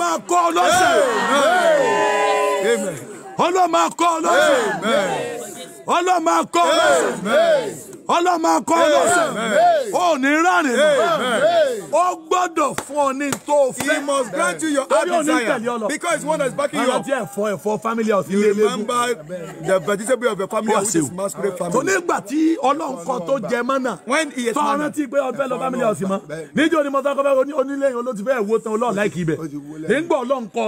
S1: máa kọ́ ọlọ́sẹ̀ máa kọ́ ọlọ́sẹ̀ ọlọ́mọ kọ́ lọ́sẹ̀ ò ní rárẹ̀ nù ó gbọ́dọ̀ fún ọ ní tó fẹ́. he must grant you your heart desire because one is backing you up. ọlọ́dẹ ẹ̀fọ́ ẹ̀fọ́ family of ilé lẹ́gbẹ̀ẹ́. remember the vegetable of your family which is masquerade family. tó nígbà tí ọlọ́nkọ tó jẹ mọ́nà tó rántí pé ọfẹ́ lọ family house mọ́ níjó ni mo sọ pé onílé yẹn ló ti fẹ́ wo tán ọlọ́ọ̀ láìkí ibẹ̀ nígbà ọlọ́nkọ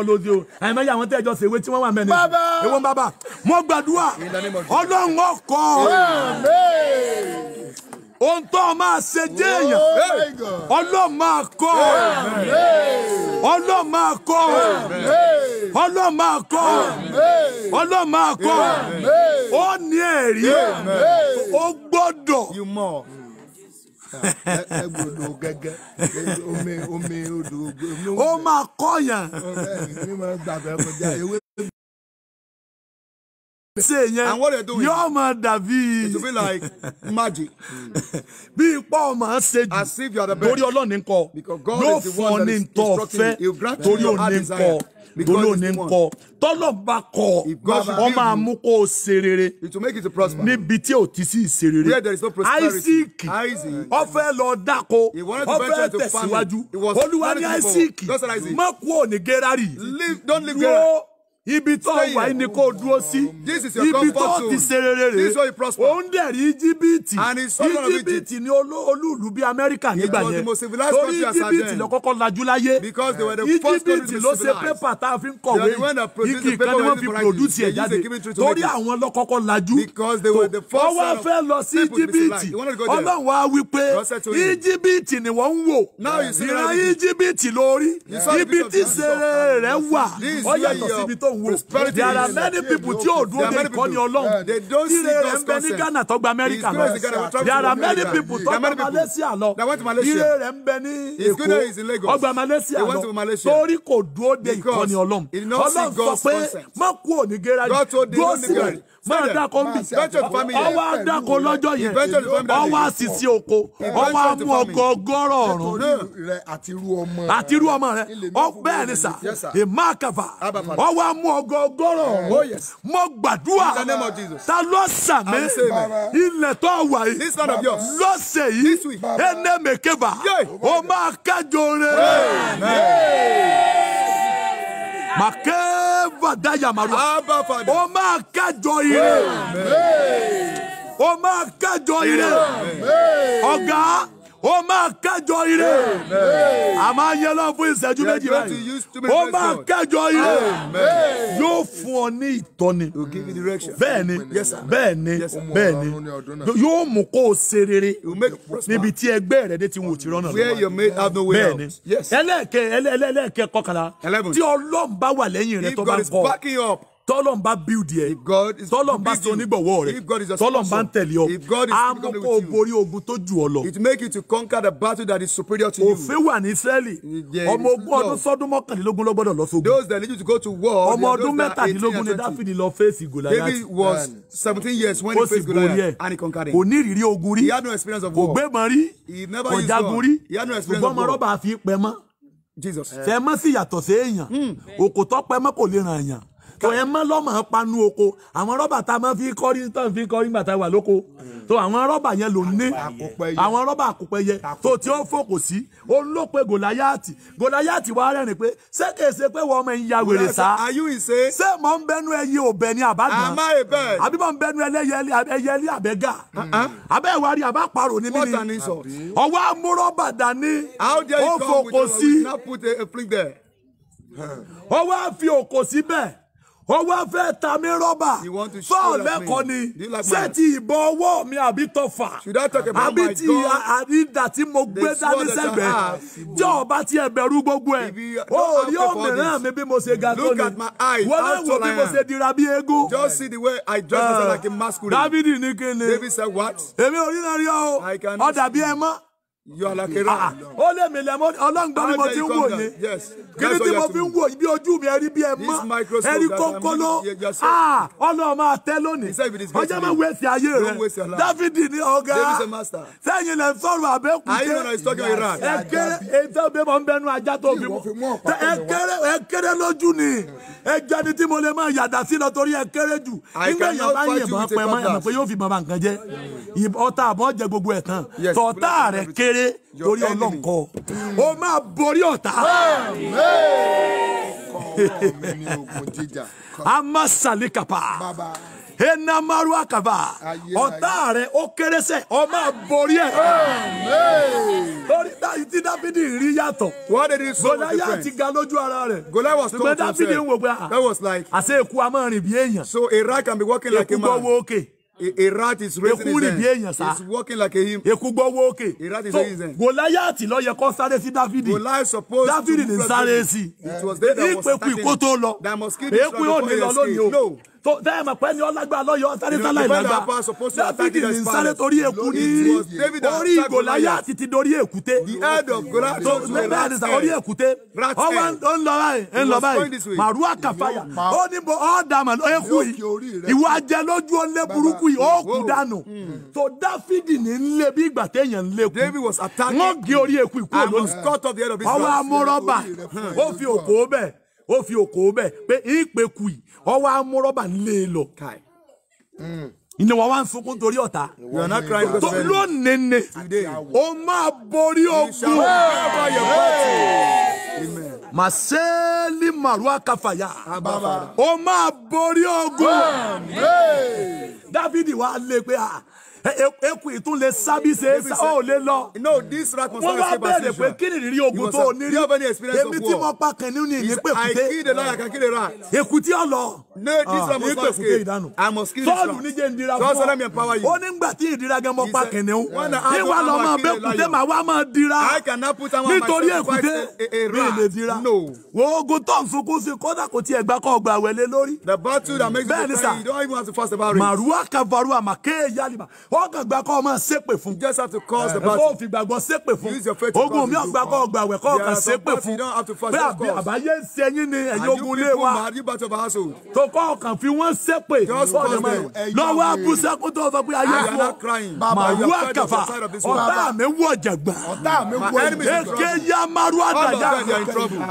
S1: ohun tó máa ṣe jẹ́ oh èèyàn ọlọ́run máa kọ́ ọlọ́run máa kọ́ ọlọ́run máa kọ́ ọlọ́run máa kọ́ ó ní ẹ̀rí ó gbọ́dọ̀ egbodò ah,
S2: gẹ́gẹ́ ó máa kọ́ yàn say and what they're doing yóò máa
S1: dàbí it will be like (laughs) magic bí ipò ọmọ ṣe jù as if you are the best torí ọlọ́ọ̀ni ń kọ yóò fún ọ ní ntọ́ ọ̀fẹ́ torí òní ń kọ torí òní ń kọ tọ́lọ̀ bá kọ ọ máa mú kó o ṣe rere níbi tí ò ti sí ìṣe rere Isaac ọfẹ́ lọ dáko ọfẹ́ tẹ̀síwájú olúwa ní Isaac má kú òní Gérárì dúró ibi tó wà ní kó dúró sí ibi tó ti ṣe rere rè òun dẹ̀ rí íjíbítì íjíbítì ní olúùlú bíi amẹ́ríkà nígbà yẹn torí íjíbítì ló kọ́kọ́ lajú láyé íjíbítì ló ṣe pépà tá a fi ń kọ̀wé igi kan ni wọ́n fi pòdúsì ẹ̀ jáde torí àwọn ló kọ́kọ́ lajú tó ọwọ́ fẹ́ lọ sí íjíbítì ọlọ́run á wí pé íjíbítì ni wọ́n ń wò ìran íjíbítì lórí ibi tí ṣe rere rẹ̀ wà ó yàtọ̀ síbi tó wo there are many people tí yóò dúró de ìkọ́ni ọlọ́run ire rẹ̀ ń bẹ ní Ghana tó gba America there are many people tó gba Malaysia lọ ire rẹ̀ ń bẹ ní Èkó ó gba Malaysia sorry, could lọ torí kò dúró de ìkọ́ni ọlọ́run ọlọ́run sọ pé má kú òní gẹ́rájì dúró síbẹ̀ máa dáko ń bì ọwọ́ adáko lọ́jọ́ yẹn ọwọ́ àṣìṣe oko ọwọ́ amú ọkọ̀ ọgọ́rọ̀ ọ̀run àti irú ọmọ rẹ bẹ́ẹ̀ ni sà ìmá àkàfà ọwọ́ amú ọkọ̀ ọgọ́rọ̀ ọ̀run oh, mo gbàdúrà ta ló sàmé ilẹ̀ tó wà yìí lọ́sẹ̀ yìí ẹnẹ́mẹ̀kẹ́bà ó máa kájọ rẹ̀. Maquet ava daya marua. O máa kẹ́jọ ire. O máa kẹ́jọ ire. Ọ̀gá ó máa kẹjọ ire a máa yẹ lọ fún ìṣẹ́jú méjì báyìí ó máa kẹjọ ire yóò fún ọ ní ìtọ́ni bẹ́ẹ̀ ni bẹ́ẹ̀ ni bẹ́ẹ̀ ni yóò mú kó o ṣe rere níbi tí ẹgbẹ́ rẹ dé ti wò tí rọ́nà lọ bẹ́ẹ̀ ni ẹlẹ́ẹ̀kẹ́ ẹlẹ́ẹ̀kẹ́ kọkànlá tí ọlọ́run wà lẹ́yìn rẹ tó bá ń tọ́lọ̀ bá build yẹ tọ́lọ̀ bá so onígbọ̀wọ́ rẹ tọ́lọ̀ bá ń tẹ̀lé ọ àmọ́ kó o borí ogun tó jù ọ lọ. it make you to conquer the battle that is superior to you. òfin wà ní Ísírẹ́lì ọmọ ogún ọdún sọdún mọ́kànlélógún ló gbọ́dọ̀ lọ sógun. those that need you to go to war. ọmọ ọdún mẹ́tàdínlógún ni Dáfídì lọ fèsì Gòláyátì. David was seventeen years when he faced Goliath and he conquered him. kò ní ìrírí ogun rí kò gbé mọ́ rí kò jagun rí ṣùgbọ́n ọmọ rọ́bà fi pẹ́ mọ́ eh. fẹ́ mọ́ sí yàtọ̀ sí èèyàn hmm. òkòtọ́ pẹ́ mọ́ kò lè ràn èèyàn kò ẹ mọ́ lọ́mọ panu oko àwọn rọ́bà tá a máa fi kọ́rí tán fi kọ́rí nígbà tá a wà lóko tó àwọn rọ́bà yẹn ló ní àwọn rọ́bà àkópẹ́yẹ tó tí ó fòkò sí ó ń lò pé gòláyàtì gòláyàtì wà rẹ́rìn pé ṣé kè ṣe pé wọ́n ọmọ ẹ̀yìn ya wèrè sá ṣé mọ̀ ń bẹnu ẹyẹ òbẹ ni àbágbọ́n àbí mọ̀ ń bẹnu ẹyẹlé àbẹ́gà uh-uh. àbẹ́ ìwárí àbáparò ni mí ni ọwọ́ amúrọ́bà dání ó fòkò sí ọwọ́ àfi òkò síbẹ̀ ó wá fẹ́ ta mí rọ́bà fọ́ọ̀ lẹ́kọ̀ọ́ ni ṣé ti ìbọn ọwọ́ mi àbí tọfà àbí ti àrídà tí mo gbé dání sẹ́gbẹ̀ẹ́ jẹ́ ọba tí ẹ bẹ̀rù gbogbo ẹ̀ ó rí òmìnira mi bí mo ṣe ga tó ni wọ́n lè bí mo ṣe dira bí eégún. just see the way I dress uh, like a masquerade. David ní kí ni èmi ò rí náà rí ọ ọ dàbí ẹ mọ́ yọ alákẹ́rẹ́ àná. ó lé mi lẹ́mọ́ ọlọ́ngbọ́n ni mo ti ń wò yé kíni tí mo fi ń wò bí ojú mi ẹ̀rí bí ẹ mọ́ ẹ̀rí kókóló ah, ọlọ́run máa tẹ́ lónìí ọjọ́ máa wẹ̀sì ayé rẹ̀ dáfídì ní ọ̀gá sẹ́yìn lẹ́ sọ̀rọ̀ àbẹ́kùté ẹ̀kẹ́rẹ́ ètò ìbí mọ̀ ń bẹnu ajá tó bí mọ̀ ẹ̀kẹ́rẹ́ lójú ni ẹjọ́ ni tí mo lè máa yàdá sí lọ torí ẹ̀kẹ́rẹ́ jù nígbà yẹn bá yẹn bá pẹ́ máa yàmọ̀ pé yóò fi bàbá nǹkan jẹ́ ọ̀tá àbọ̀ jẹ gbogbo ẹ̀ tán tọ̀tá rẹ̀ ké rere lórí ọlọ́nkọ ó máa borí ọ̀tá. amasalikapa enamaru akaba ọ̀tá rẹ̀ ó kéré sẹ̀ ó máa borí ẹ̀. lórí táyì tí dáfídì rí yàtọ̀ gòláyà ti ga lójú ara rẹ̀ ṣùgbọ́n dáfídì ń wò pé ah, àṣẹ èkú a bí èèyàn èkú gbọ́ wo òkè. A, rat is raising his hand. Èkú rìbí like a him. Èkú gbọ́wọ́ òkè. A rat is raising his hand. Gòláyàtì ló yẹ kó sáré sí Dáfídì. Gòláyà suppose to move Dáfídì ní It was there that was starting. That mosquito is trying to before he skin. No tó bẹ́ẹ̀ mọ̀ pé ni ọlágbá lọ́yọ̀ sáré sálà ìlágbá dáfídì ní sáré torí èkú ní orí gòláyà ti ti dorí èkúté bẹ́ẹ̀ ni sàórí èkúté ọwọ́ ń lọ báyìí ń lọ báyìí màrúwà kàfàyà ó ní bo ọ̀dàmà ẹ̀kú yìí ìwà jẹ lójú ọlẹ́ burúkú yìí ó kú dànù tó hmm. dáfídì ní ń lé bí ìgbà téèyàn ń lé kú wọ́n gé orí èkú ìkú olóyè ọwọ́ amúrọ́bà ó fi òkò bẹ́ẹ̀ ó fi òkò bẹ́ẹ̀ pé ìpè kù yìí ọwọ́ amúrọ́bà ń lé e lọ ìní mm. wọn wá ń sunkún torí ọ̀tá tó lónìí ni o máa borí ogun màsẹ́ẹ̀lì màrúwá káfàyà o máa borí ogun Dáfídì wá lé pé a. Ah, eku ìtún lè sábìsì ẹsà ó lè lọ. no this rat must not escape by station. wọ́n bá bẹ̀rẹ̀ pé kí ni ìrírí ogun tó o ní rí. èmi tí mo pa kàn ní ní ìpè kúté. I kill the lion I can kill the rat. èkúté ọ̀lọ́. No, this ah, is a mistake. I must kill Sọ́ọ̀lù ní jẹ́ ìdíra fún ọ. Sọ́ọ̀lù mi empower you. Ó ní gbà tí ìdíra gan mọ́ pa kìnìún. Bí wàá lọ máa bẹ́ kùté màá wá máa dira. Nítorí èkúté mi lè dira. Wo ogun tó ń sunkún sí kódà kò tiẹ̀ gbà kọ́ ọgbà wẹ̀lé lórí. The battle that makes you cry you don't even have to fuss about it. Màrúwà kàvarúwà mà ké yálìmà. Ó kàn gbà kọ́ ọmọ ṣépè fún. You just have to cause the battle. Ó fi gbàgbọ́ ṣépè fún. Use your faith to cause the battle. Ogun mi ò gbà kọ́ ọgbà wẹ̀ kọ́ ọkàn ṣépè fún. Bẹ́ẹ̀ àbáyé ń ṣe yín ni ẹ̀yin ogun ilé wa kọ́ ọkàn fi wọ́n ṣépè lọ́wọ́ abúṣe kó tó sọ pé ayé fún màlúwà kàfà ọ̀tá mi wọ̀ jàgbà èké ya maru àdàjà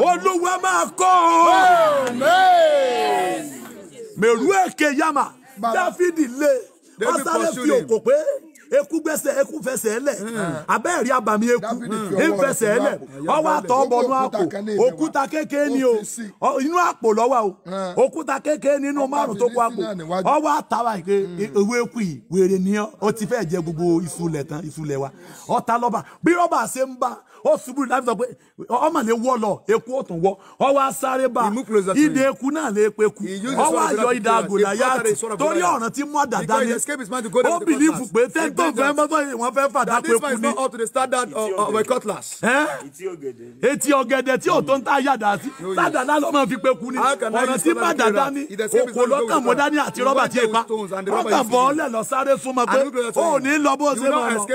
S1: olúwa máa kọ́ ọ́ mẹ̀rú èké yàmà dáfídì lé ọ̀sán lè fi òkò pé eku gbẹ́sẹ̀ eku fẹsẹ̀ ẹlẹ̀ hmm. hmm. abẹ́ẹ̀rí abàmì eku ìfẹsẹ̀ ẹlẹ̀ hmm. ọwọ́ àtọ̀ ọbọnú àpò òkúta kékeré ni o inú àpò lọ́wọ́ o òkúta kékeré nínú márùn tó kó àpò ọwọ́ àtàwà ìpè ewé eku yìí wèrè ni ó ti fẹ́ jẹ gbogbo ìsulẹ̀ tán ìsulẹ̀ wa ọ̀tá lọ́ba bí rọ́bà ṣe ń bá ó ṣubú láti sọ pé ọmọ lè wọ́ lọ eku ó tún wọ́ ọ wá sáré bá ìdè eku náà lè pe ku ọ wá yọ ìdá àgòdà yáàtì torí ọ̀ràn tí mọ́ dàda ni ó bìlífù pé tẹ́tọ́ fẹ́ mọ́tò wọ́n fẹ́ fàdá pé ku ni etí ọ̀gẹ̀dẹ̀ tí ò tó ń tà yàdá sí sádàdá ló máa fi pé ku ni ọ̀ràn tí má dàda ni òkò lọ́kàn mọ́ dání àti rọ́bà tí ì pa ọ̀kàn bọ́ ọ lẹ̀ lọ sáré súnmọ́ pé ó ní lọ bó ṣe máa lọ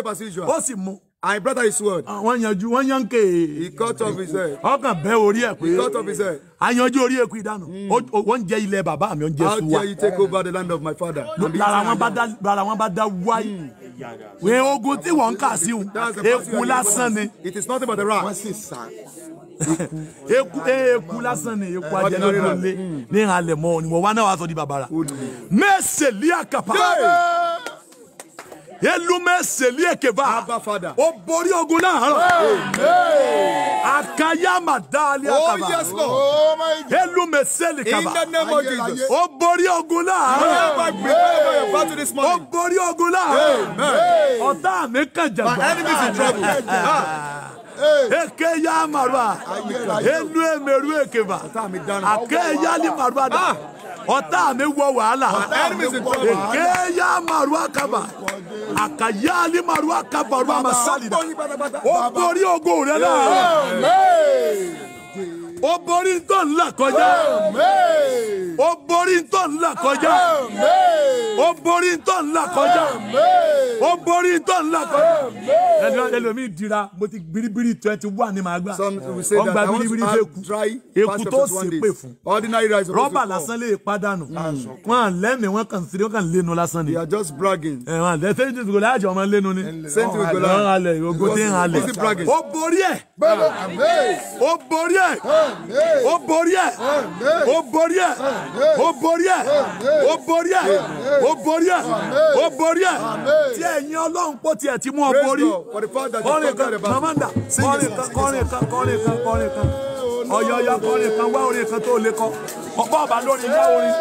S1: ó sì mú. I brought his word. Ah, wọ́n yanjú wọ́n yan ké. he cut off his head. ọkàn bẹ́ orí ẹ̀ pé. he cut off his head. a yanjú orí èkó ìdáná. Hmm. wọ́n jẹ ilẹ̀ bàbá mi wọ́n jẹ suwa. how dare you take over the land of my father. lára wọn bá dá lára wọn bá dá wáyé.
S2: Hmm.
S1: wẹ́ ogun tí wọ́n ń kà sí wọn. eku lásán ni. it is nothing but a rat. wọ́n sì sá eku eh, eku lásán ni eku ajẹnudunle ní ìhàlẹ̀ mọ́ ni wọ́n wá náà wá sọ di bàbá rà. Hmm. mẹ́sẹ̀ lé àkàpà elume seliekeva o borí ogun láàárọ̀ akayama dali oh, akaba oh, elume selikaba o borí ogun láàárọ̀ o borí ogun láàárọ̀ ọ̀tá mi kàn jàgbá ah. eke ya marua enu emeru ekeba ake ya ni marua da ah. ọ̀tá mi wọ wàhálà eke ya marua kaba. Oh, àkàyé alimaru akabaru amasalina ó borí ogo rẹ náà ó borí tó ń là kọjá ó borí tó ń là kọjá ó borí tó ń là kọjá ó borí tó ń là kọjá ẹni ẹlòmíì dira mo ti biribiri twenty one ni màá gbà wọ́n gba biribiri fẹ́ ku eku tó sì pè fún rọ́bà lásán lè padànù ah, wọ́n à lẹ́mìí wọ́n kàn sí wọ́n kàn lẹ́nu lásán ni ẹ̀ wọ́n àlẹ́ sẹ́yìn tìgò láàjọ ọmọ lẹ́nu ni ó borí ẹ̀ ó borí ẹ̀ ó borí ẹ̀ ó borí ẹ̀
S2: ó borí ẹ̀ ó borí ẹ̀ ó borí ẹ̀ ó borí ẹ̀
S1: tí ẹ̀yin ọlọ́run pọ̀ tiẹ̀ ti mú ọ borí kọrin kan mamanda kọrin kan kọrin kan kọrin kan kọrin kan ọ̀yọ̀ọ̀yọ̀ kọrin kan wá orin kan tó lè kọ ọ̀pọ̀ ọ̀bà
S3: lórí wá orin.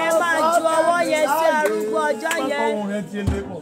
S2: ẹ máa ju ọwọ́ yẹn sí arúgbó ọjọ́ yẹn.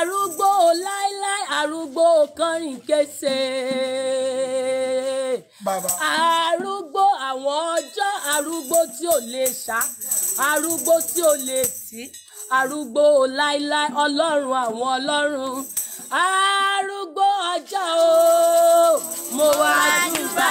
S3: arúgbó láíláí arúgbó kọrin kése arúgbó àwọn ọjọ́ arúgbó tí ò lè ṣá arúgbó tí ò lè tì arúgbó láíláí ọlọ́run àwọn ọlọ́run arúgbó ọjọ́ o mo wá júbà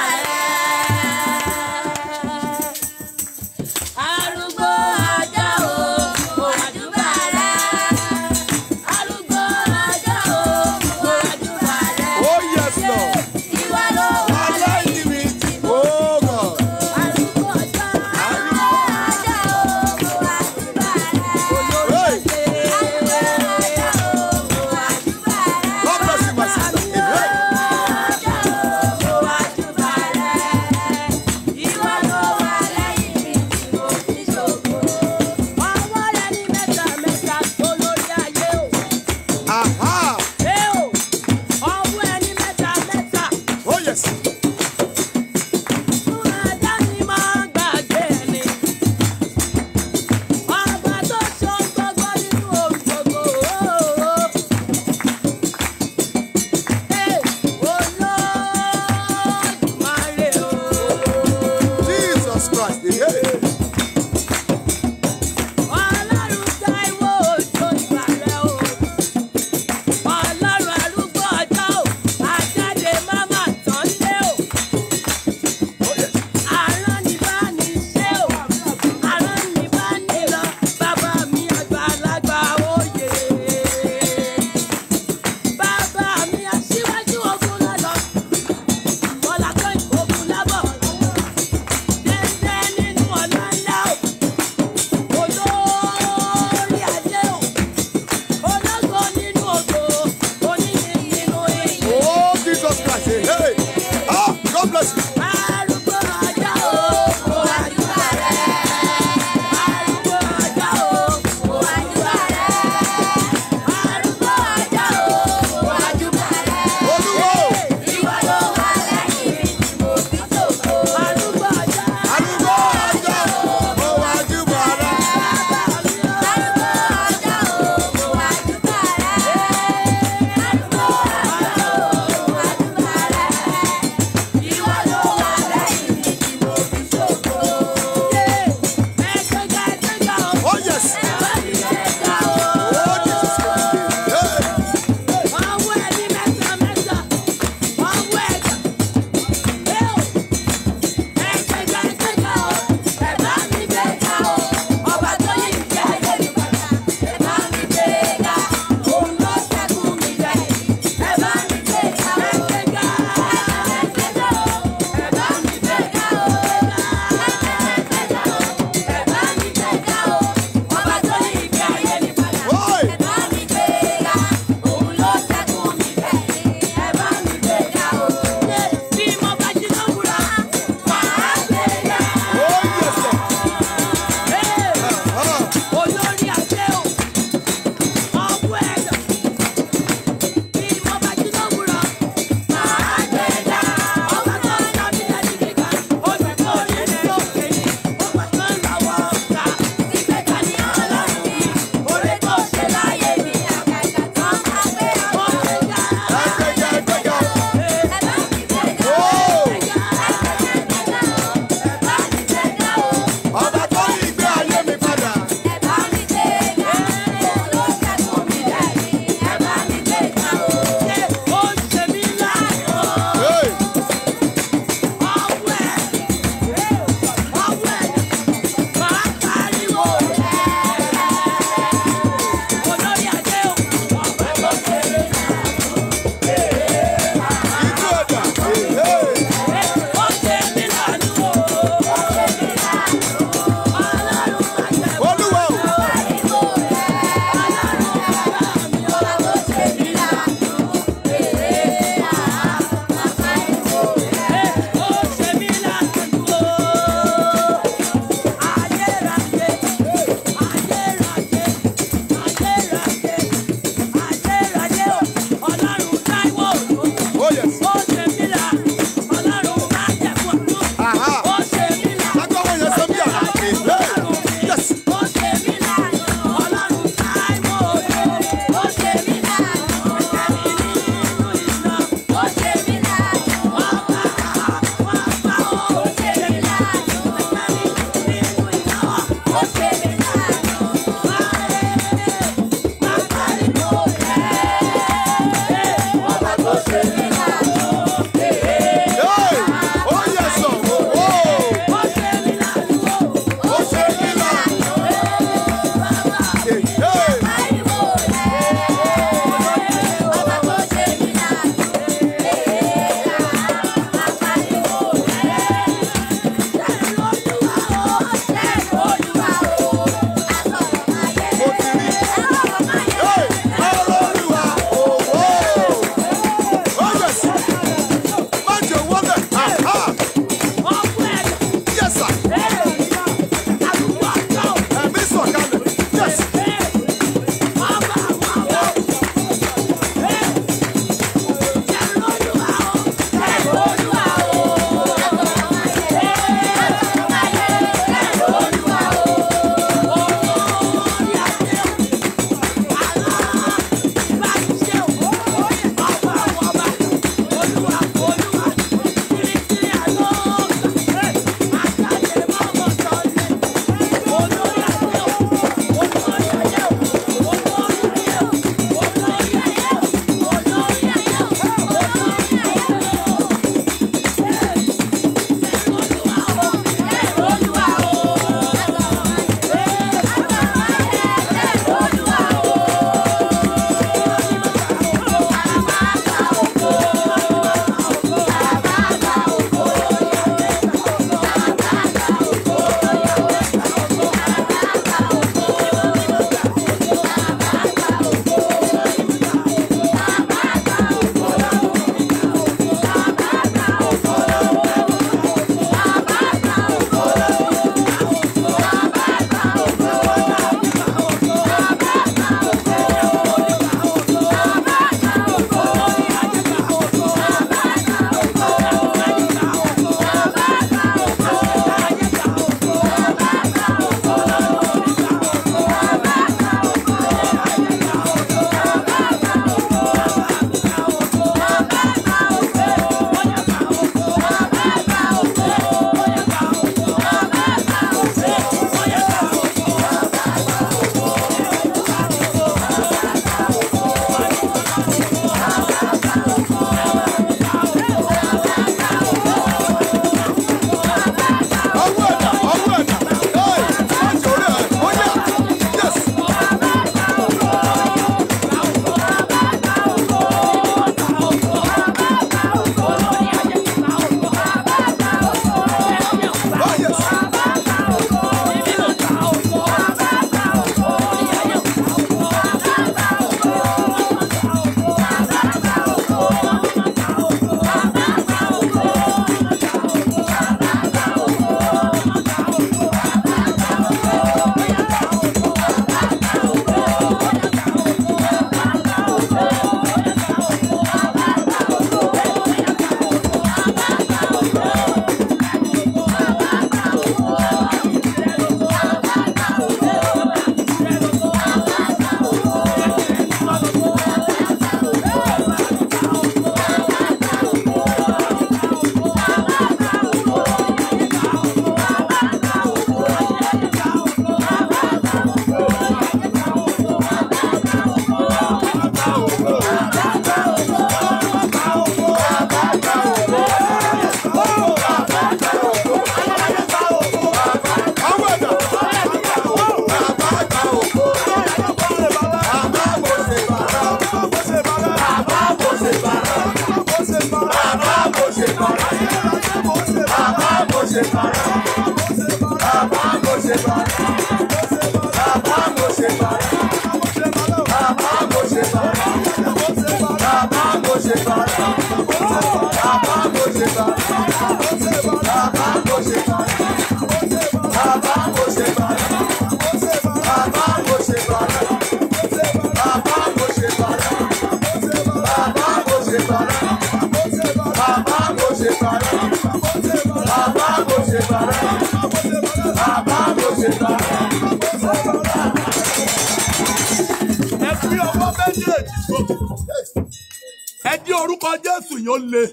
S1: orúkọ Jésù yóò le.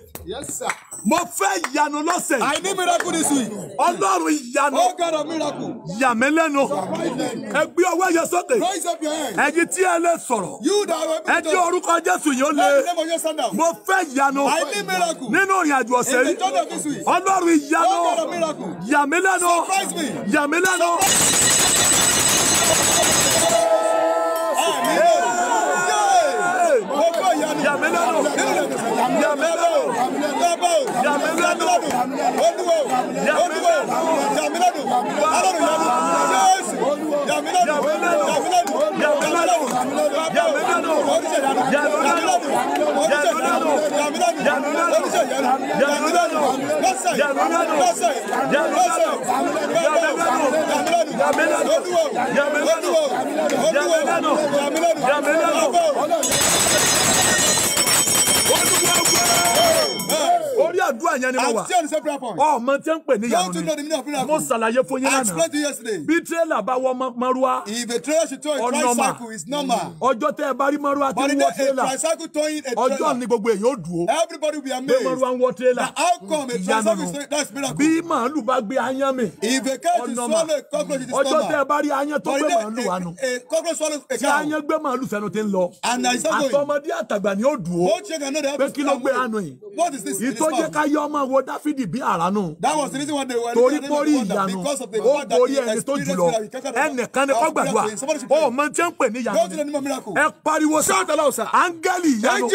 S1: Mo fẹ́ ìyanu lọ́sẹ̀. I need miracle this week. Ọlọ́run ìyanu. Oh God of miracle. Yà Ẹ gbé ọwọ́ yẹn sókè. Raise tí ẹ lè sọ̀rọ̀. You to. Ẹ jẹ́ orúkọ Jésù yóò le. Mo fẹ́ ìyanu. I need miracle. Nínú ìrìn àjò ọ̀sẹ̀ yìí. In the journey of this week. Ọlọ́run ìyanu. Oh God of miracle. Yà mí lẹ́nu. Surprise me. Surprise me.
S2: Yàmílẹ́nu. Yàmílẹ́nu.
S1: Yàmílẹ́nu.
S2: Yàmílẹ́nu.
S1: àdúrà yẹn ni mo wà. ọmọ tí ń pè ní ìyanu ni mo ṣàlàyé fún yín lánàá. bí tírélà bá wọ mọ́rúwá ọ̀nàmà ọjọ́ tẹ́ ẹ bá rí mọ́rúwá tí ń wọ tírélà ọjọ́ ni gbogbo èyí ó dùn ó pé mọ́rúwá ń wọ tírélà ìyanu nù bí màálù bá gbé ayán mi ọ̀nàmà is tẹ́ ẹ bá rí ayán tó gbé màálù wa nù tí ayán gbé màálù sẹ́nu ti ń lọ àtọmọdé àtàgbà ni ó dùn ó pé kí ló gbé àánú yìí ìtọ́jẹ́ ká táyé ọmọ wo dáfídì bí àránù. that was the reason why they were torí borí ìyanu ó borí ẹni tó jùlọ ẹnìkan ni kó gbàdúrà ó mọ tí ń pè ní ìyanu ẹ pariwo sọ áńgẹ́lì ìyanu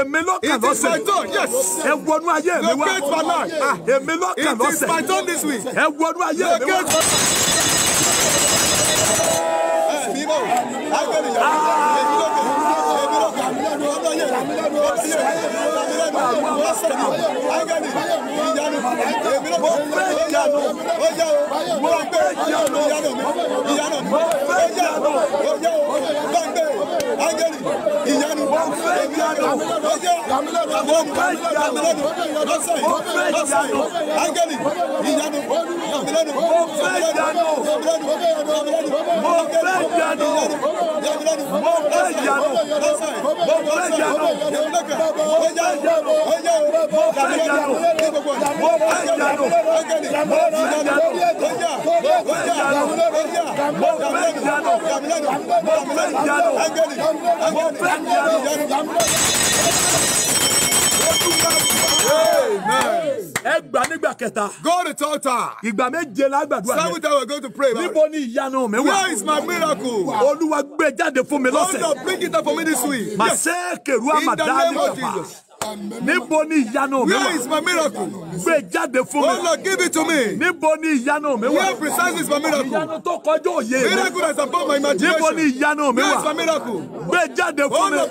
S1: èmi ló kàn lọ́sẹ̀ ẹ wọnú ayé mi wá ah, èmi ló kàn lọ́sẹ̀ ẹ wọnú ayé mi wá.
S2: Ah! Mo fẹ́ yanu, mo fẹ́ yanu, mo fẹ́ yanu, mo fẹ́ yanu
S1: ẹgbà nígbà kẹta. go to the altar. ìgbà méje la gbàdúrà yẹn. seven times we go to pray. níbo ni ìyanu mi wà. where is my miracle. olúwa gbé jáde fún mi lọ́sẹ̀. God bring it up for me this week. màá sẹ́ẹ̀kẹ̀rù àmàdá nígbà fà níbo ni ìyanu mi wà. where is my miracle. gbé jáde fún mi. oh give it to me. níbo ni ìyanu mi wà. where precisely is my miracle. ìyanu tó kọjú òye mi. miracle that is above my imagination. níbo ni ìyanu mi wà. where is my miracle. gbé jáde fún oh, mi. oh lord.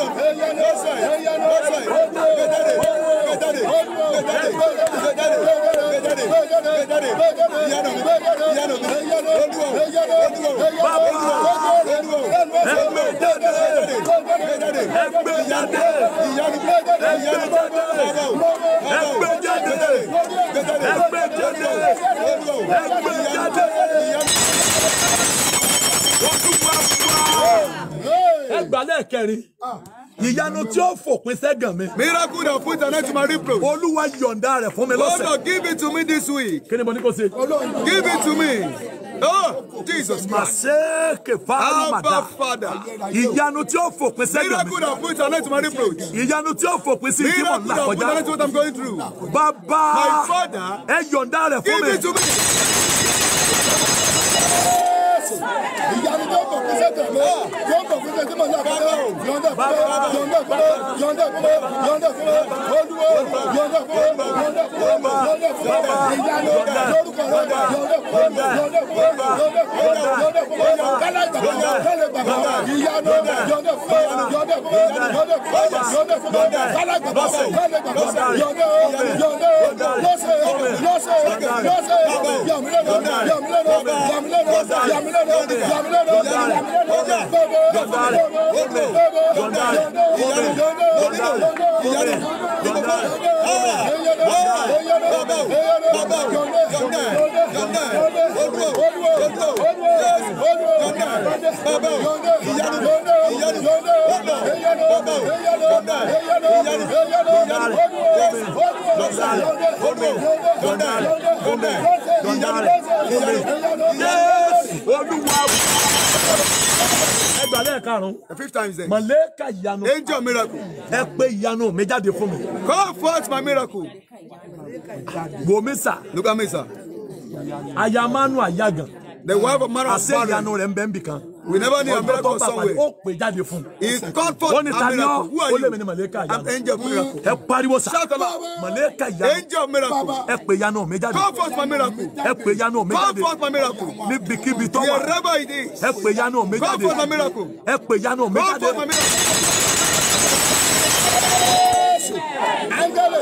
S1: ẹgbàá lẹ́ẹ̀kẹrin ìyanu tí ó fòpin sẹ́gàn mi. miracle that put an end to my reproach. olúwa yọ̀ǹda rẹ̀ fún mi lọ́sẹ̀. Lord give it to me this week. kí ni mo ní kó ṣe. give it to me. Oh, Jesus Christ. Abba Father. Ìyanu tí ó fòpin sẹ́gàn mi. Miracle that put an end to my reproach. Ìyanu tí ó fòpin sí tí mo là kọjá. Miracle that put an end to what I'm going through. Bàbá. My father. Ẹ yọ̀ǹda rẹ̀ fún mi. Give it to me
S2: tẹ̀lé yóò kọ̀ fún tẹ̀sí mọ̀lá fún ẹ yọ̀ǹda fún ẹ yọ̀ǹda fún ẹ yọ̀ǹda fún ẹ yọ̀ǹda fún ẹ olúwo yọ̀ǹda fún ẹ yọ̀ǹda fún ẹ yọ̀ǹda fún ẹ ìyanu lórúkọ rẹ yọ̀ǹda fún ẹ yọ̀ǹda fún ẹ yọ̀ǹda fún ẹ yọ̀ǹda fún ẹ kálá ìgbàgbọ́ kálá ìgbàgbọ́ ìyanu yọ̀ǹda fún ẹ yọ̀ǹda fún ẹ yọ̀ǹda fún ẹ yọ̀ǹda fún ẹ kálá ìgbàgbọ́ kálá ìgbàgbọ́ yọ̀ǹda yọ̀ǹda lọ́sẹ̀ lọ́sẹ̀ lọ́sẹ̀ yàmúlẹ̀ lọ́sẹ̀ yàmúlẹ̀ lọ́sẹ̀ yàmúlẹ̀ lọ́sẹ̀ yàmúlẹ̀ lọ́sẹ̀ yàmúlẹ̀ lọ́sẹ̀ yọ̀ǹdàlẹ̀ ọ̀mẹ̀ yọ̀ǹdàlẹ̀ ọ̀mẹ̀ yọ̀ǹdàlẹ̀ ọ̀mẹ̀ yọ̀ǹdàlẹ̀ ọ̀mẹ̀ bàbá bàbá yọ̀ǹdà yọ̀ǹdà olúwo olúwo yẹ́sù yọ̀ǹdà bàbá ìyanu ìyanu bàbá bàbá yọ̀ǹdà ìyanu yọ̀ǹdàlẹ̀ yẹ́sù yọ̀ǹdàlẹ̀ ọ̀mẹ̀ yọ̀ǹdàlẹ̀ ọ̀mẹ̀ yọ̀ǹdàlẹ̀ ọ̀mẹ̀ yẹ́sù olúwa
S1: ẹgbà lẹ́ẹ̀karùn the fifth time is there. màlẹ́kà ìyanu. angel miracle. ẹ pé ìyanu mi jáde fún mi. call forth my miracle. wò mí sà. look at me sir. àyà manu àyàgàn. the wife of mara. àṣẹ ìyanu rẹ̀ ń bẹ́ ń we never need a miracle somewhere. ó pè jáde fún. he called for a miracle. who are you? ó lé mi ní màlẹ́kà yanu. an angel of miracle. ẹ pariwo sa. shout out. màlẹ́kà yanu. angel of miracle. ẹ pè yanu mi jáde. forth my miracle. ẹ forth my miracle. wherever it is. ẹ pè yanu mi jáde. forth my miracle. ẹ pè yanu mi jáde. call forth my
S2: miracle. angel of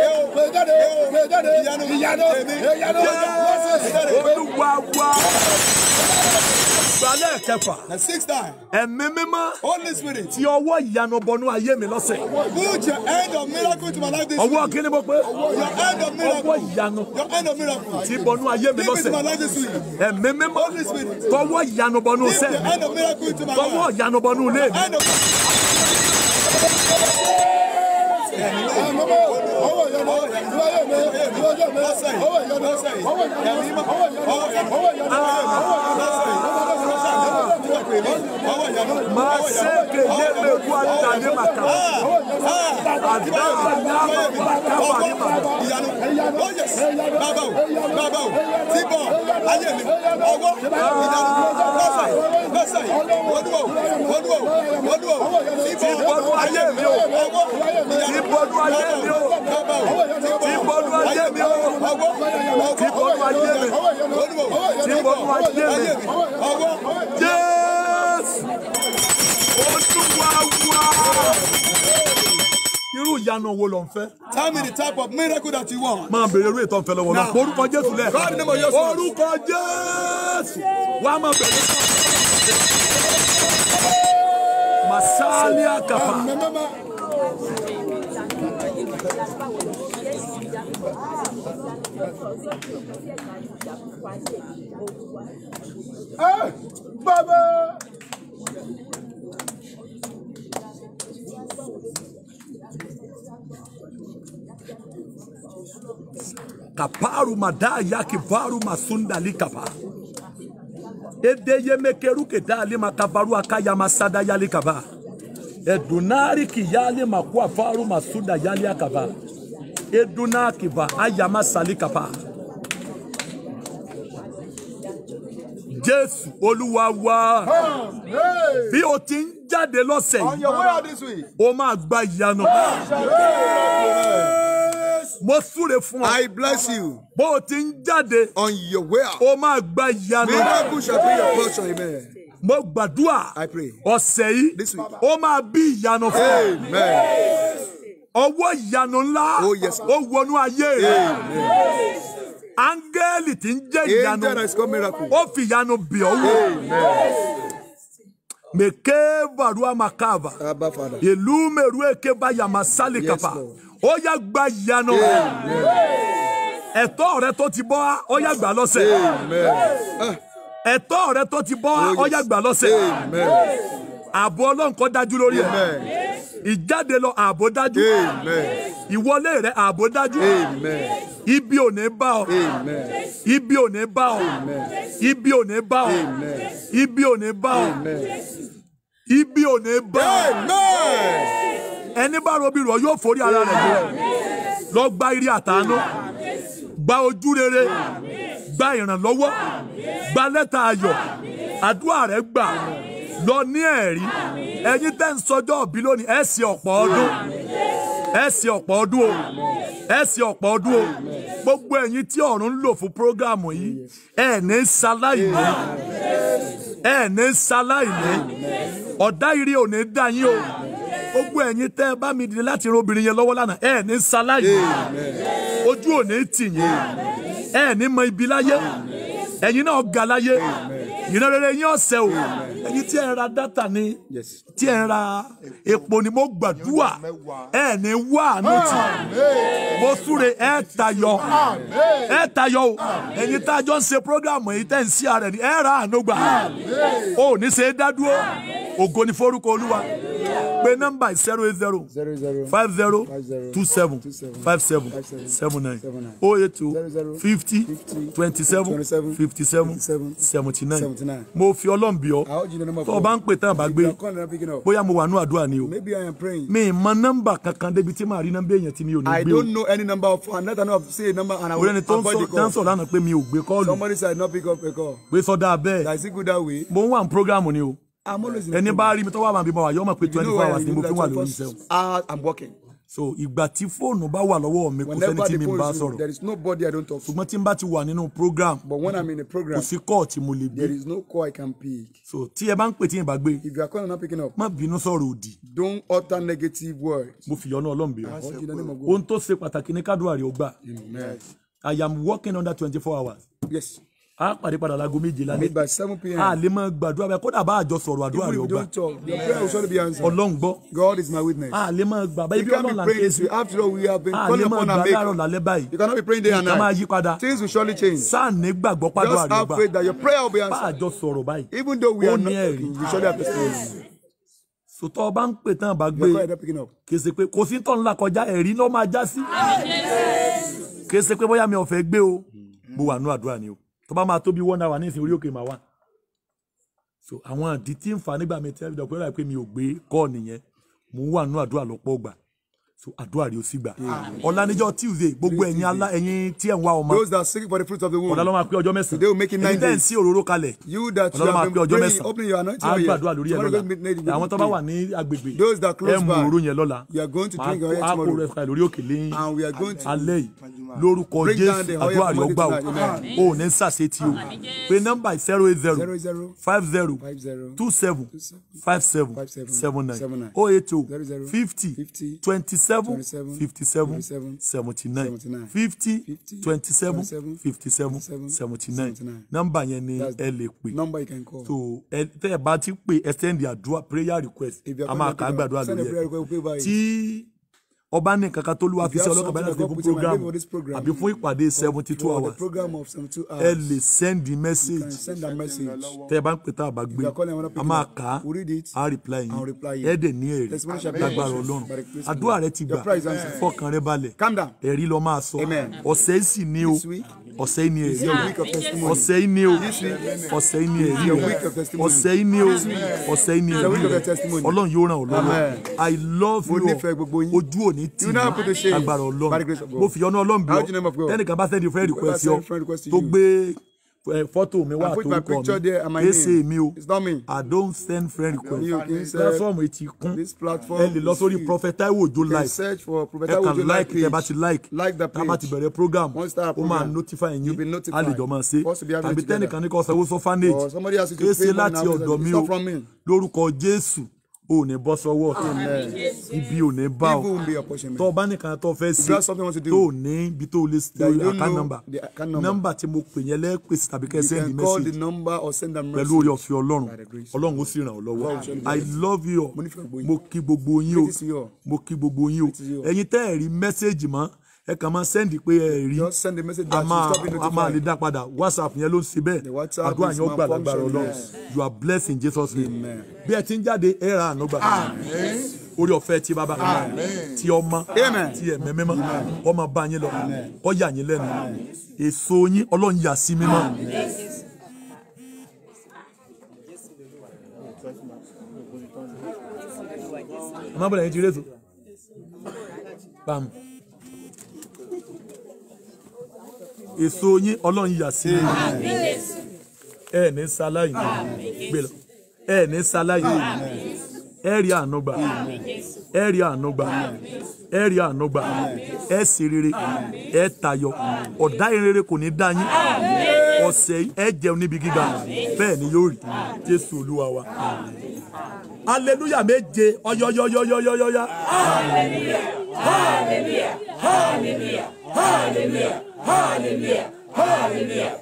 S2: gbé
S1: jáde balẹ̀ kẹfà. the sixth time. ẹ̀mí mímọ́. holy spirit. ti ọwọ́ ìyanu bọnú ayé mi lọ́sẹ̀. put your hand of miracle to my life this week. ọwọ́ kí mo pé. your hand of miracle. ọwọ́ ìyanu. your hand
S2: of miracle. ti bọnú ayé mi lọ́sẹ̀. give it to my life
S1: this week. ẹ̀mí mímọ́. holy spirit. tọwọ́ ìyanu bọnú sẹ́. give your hand of
S2: miracle to my life. tọwọ́
S1: ìyanu bọnú ilé mi.
S2: ẹ̀mí mímọ́ ọwọ́ ìyọnu ìwáyé mi ìwáyé mi ọwọ́ ìyọnu ọwọ́ ìyọnu ọwọ́ ìyọnu ọwọ́ ìyọnu ọwọ́ ìyọnu ọwọ́ ìyọnu. Màá ṣe kéde lè kú àdúrà ní màkà. Àdúrà ní màkà wà ní màkà. Ìyanu Moses bàbá o bàbá o Tibọ̀ ayé mi ọwọ́ ìyanu lọ́sàn
S1: irú ìyanu wo ló ń fẹ́. tell me the type of miracle that you want. máa béèrè irú ìtàn fẹ́ lọ́wọ́ náà orúkọ jésù lẹ́ẹ̀kan orúkọ jésù wàá máa béèrè fún
S2: Masalia kapa. Hey, baba.
S1: Kaparu madaya kivaru masunda likapa. edeye mekeru kete ale makabaru akaya masada yale kaba edunari kiyale makuafaru masuda yale akaba eduna kiba ayama sali kaba Jésù Olúwa wa bí o ti ń jáde lọ́sẹ̀ yìí o máa gba ìyanu. Mo súre fún ọ. I bless you. Bó o ti ń jáde. On your way out. O máa gba ìyanu. Miracle shall be your portion, amen mo gbàdúrà ọ̀sẹ̀ yìí ó máa bí ìyanu fún ọ. ọwọ́ ìyanu ńlá ó oh, wọnú ayé rẹ. Angeli tí ń jẹ́ ìyanu ó fi ìyanu bì ọ́ wò. Mekeva ruamakava. Ilume ruekeva yamasali kapa. Ó yá gba ìyanu. Ẹ̀tọ́ rẹ tó ti bọ́ ó yá gbà lọ́sẹ̀. Ah. Ẹ̀tọ́ rẹ tó ti bọ́ ó yá gbà lọ́sẹ̀. Ààbò Ọlọ́run dájú lórí ẹ̀ ìjáde lọ ààbò dájú ìwọlé rẹ ààbò dájú ibi ò ní bá ọ ibi ò ní bá ọ ibi ò ní bá ọ ibi ò ní bá ọ ibi ò ní bá ọ ẹni bá robi rọ yóò forí ara rẹ
S2: lọ gba irí àtàánú gba ojú rere gba ìrànlọ́wọ́ gba lẹ́tà ayọ̀
S1: àdúrà rẹ gbà. lọ ní ẹ̀rí ẹ̀yin tẹ́ ń sọjọ́ òbí lónìí ọ̀pọ̀ o o gbogbo ẹ̀yin tí ọ̀run ń fún yìí ẹ̀ ní ẹ̀ ní ọ̀dá ò o gbogbo ẹ̀yin tẹ́ ẹ bá mi dìde láti obìnrin yẹn lọ́wọ́ lánàá ojú ò ní tì
S2: yín
S1: ibi láyé ẹ̀yin náà láyé. ìran rere yín ọ̀sẹ̀ o ẹ̀yin tí ẹ ra dátà ni tí ẹ ra epo ni mo gbàdúrà ẹ ní wá àánú tì mo súre ẹ tayọ ẹ tayọ o ẹ̀yin tá a jọ ń ṣe prógrámù yìí tẹ̀ ń sí ara ẹ̀ ní ẹ ra àánú gbà o ní ṣe é dádúró ògo ni forúkọ olúwa pé nọ́mbà zero eight zero five zero two seven five seven seven nine oh eight two fifty twenty seven fifty seven seventy nine mo fi ọlọ́run bí ọ tó o bá ń pè tán àbágbé bóyá mo wà nú àdúrà ni o mi mọ nọ́mbà kankan débi tí màá rí nọ́mbà èèyàn tí mi ò ní gbé o. I don't know any number of phone another number say number and I will avoid the call. orí ẹni tó ń sọ lánàá pé mi ò gbé kọ́ọ̀lù. somebody said not pick up a call. gbé sọdá bẹ́ẹ̀. that is good that way. mo ń wà ní programu ni o. ẹni bá rí mi tó wà máa bí mo wà yọ ọmọ pé twenty four hours ni mo fi wà lórí iṣẹ́ o. working so ìgbà tí fóònù bá wà lọ́wọ́ mi kò sẹ́ni tí mi bá sọ̀rọ̀ there is nobody I don't talk to ṣùgbọ́n tí n bá ti wà nínú program but when I'm in a program kò sí call mo lè gbé there is no call I can pick so tí ẹ bá ń pè tí ẹ bá gbé if you are calling not picking up má bínú sọ̀rọ̀ òdì don't utter negative words mo fìyọ́nú ọlọ́run bí ohun tó ṣe pàtàkì ní kádùn ọgbà I am working under twenty four hours yes a pàdé padà láago méje lálẹ́ a lè máa gbàdúrà bẹ́ẹ̀ kódà bá àjọ sọ̀rọ̀ àdúrà rẹ̀ ọgbà ọlọ́run gbọ́ a lè máa gbà báyìí ọlọ́run là ń ké a lè máa gbà láàárọ̀ lálẹ́ báyìí ìka máa yí padà sáà gbàgbọ́ pàdúrà rẹ̀ ọgbà bá àjọ sọ̀rọ̀ báyìí ó ní ẹ̀rí sòtọ́ ọba ń pè tán bá gbé kèsè pé kò sí tọ́ ńlá kọjá ẹ̀rí ló máa já sí kèsè pé bóyá mi ò fẹ́ gbé o mo wà nú àdúrà ni o tó bá máa tó bí one hour nísìnyí orí òkè màá wà so àwọn àdí tí ń fa nígbà mi tẹ́lẹ̀ dọ̀pẹ́ rà pé mi ò gbé kọ́ nìyẹn mò ń wà nínú àdúrà lọ́pọ̀ ọgbà so àdúrà rẹ ó sì gbà ah, ọ̀la níjọ́ tuesday gbogbo ẹ̀yin ala ẹ̀yin tí ẹ̀ ń wá ọmọ those that seek for the fruit of the womb ọ̀la pé ọjọ́ mẹ́sàn-án today will make it nine days ẹ̀yin tẹ́ ń sí òróró kalẹ̀ ọ̀la ló máa pé ọjọ́ mẹ́sàn-án á gbàdúrà lórí ẹ̀ lọ́la àwọn tó bá wà ní agbègbè ẹ̀ mú òróró yẹn lọ́la máa kó rẹ̀ fà lórí òkè lẹ́yìn alẹ́ yìí lórúkọ jésù àdúrà rẹ ọgbà o ò ní sàṣe tí o pé nọ́mbà zero eight zero five zero two seven five seven seven nine oh eight oh fifty twenty seven seven fifty seven seventy nine fifty twenty seven fifty seven seventy nine Number yẹn ni ẹ lè pè so ẹ tẹ́ ẹ bá ti pè ẹ send your prayer request a máa kà á gbàdúrà lórí ẹ tí ọba ní kankan tó lúwa fi sí ọlọ́kàn bá láti fún program àbí fún ìpàdé seventy two hours ẹ lè send the message tẹ ẹ bá ń pè tá a bá gbé a máa kà á a reply yín ẹ dẹ̀ ní èrè lágbára ọlọ́run àdúrà rẹ ti gbà fọkàn rẹ balẹ̀ ẹ̀rí lọ máa sọ ọ̀sẹ̀ yìí sì ní o ọ̀sẹ̀ yìí ní èrè ọ̀sẹ̀ yìí ní o ọ̀sẹ̀ yìí ní èrè ọ̀sẹ̀ yìí ní o ọ̀sẹ̀ yìí ní èrè ọlọ́run yóò ràn ọ́ lọ́wọ́ I love you ojú òní ní tì í agbára ọlọ́run mo fi ọ̀nà ọlọ́run bí ọ tẹ́nìkan bá sẹ́ni friend request yọ tó gbé fọ́tò mi wà tó kọ mi kése mi o i don't send friend request platform etí kún ẹ lè lọ sórí Prophet Taiwo Ojo live ẹ kàn like ẹ bá ti like tá a bá ti bẹ̀rẹ̀ program ó máa notify yín a lè jọ máa ṣe tàbí tẹ́nìkan ní kò sanwó sọ fanage kése láti ọ̀dọ̀ mi o lórúkọ Jésù o ò ní bọ́ sọ́wọ́ ọ̀tún ibi ò ní bá ọ tó o bá nìkan tó o fẹ́ sí tó o ní ibi tó o lè sí account number number tí mo pè yẹn lẹ́ẹ̀pẹ̀sì tàbí kẹ́ send the message pẹ̀lú orí ọ̀fẹ́ ọlọ́run ọlọ́run ó sì ràn ọ́ lọ́wọ́ i love you mo kí gbogbo yín o mo kí gbogbo yín o ẹ̀yin tẹ́ ẹ̀ rí mẹ́sẹ̀gì mọ́ ẹ kàn máa sẹ́ndì pé ẹ rí a máa lè dá padà whatsapp yẹn ló ń ṣe bẹ́ẹ̀ àdúrà yẹn ó gbà lágbára ọlọ́run you are blessed in Jesus name bí ẹ ti ń jáde ẹ ra àná gbà orí ọ̀fẹ́ ti bàbá ti ọmọ ti ẹ̀mẹ́ mímọ́ ọmọ bá yín lọ kó yà yín lẹ́nu èso yín ọlọ́run yà sí mímọ́. ọmọ bọ̀dọ̀ ti rí èso. èso yín ọlọ́run yà sí ẹ ní sáláì ẹ ní sáláì ẹ rí àánú
S2: ẹ
S1: rí ẹ rí ẹ sì rere ẹ tayọ ọ̀dá ìrere kò ní dá yín ọ̀sẹ̀ ẹ jẹun níbi gíga bẹ́ẹ̀ ni yóò rí jésù olúwa wa hallelujah méje ọyọyọyọyọyọyọ
S2: hallelujah hallelujah hallelujah hallelujah. Hallelujah! Hallelujah!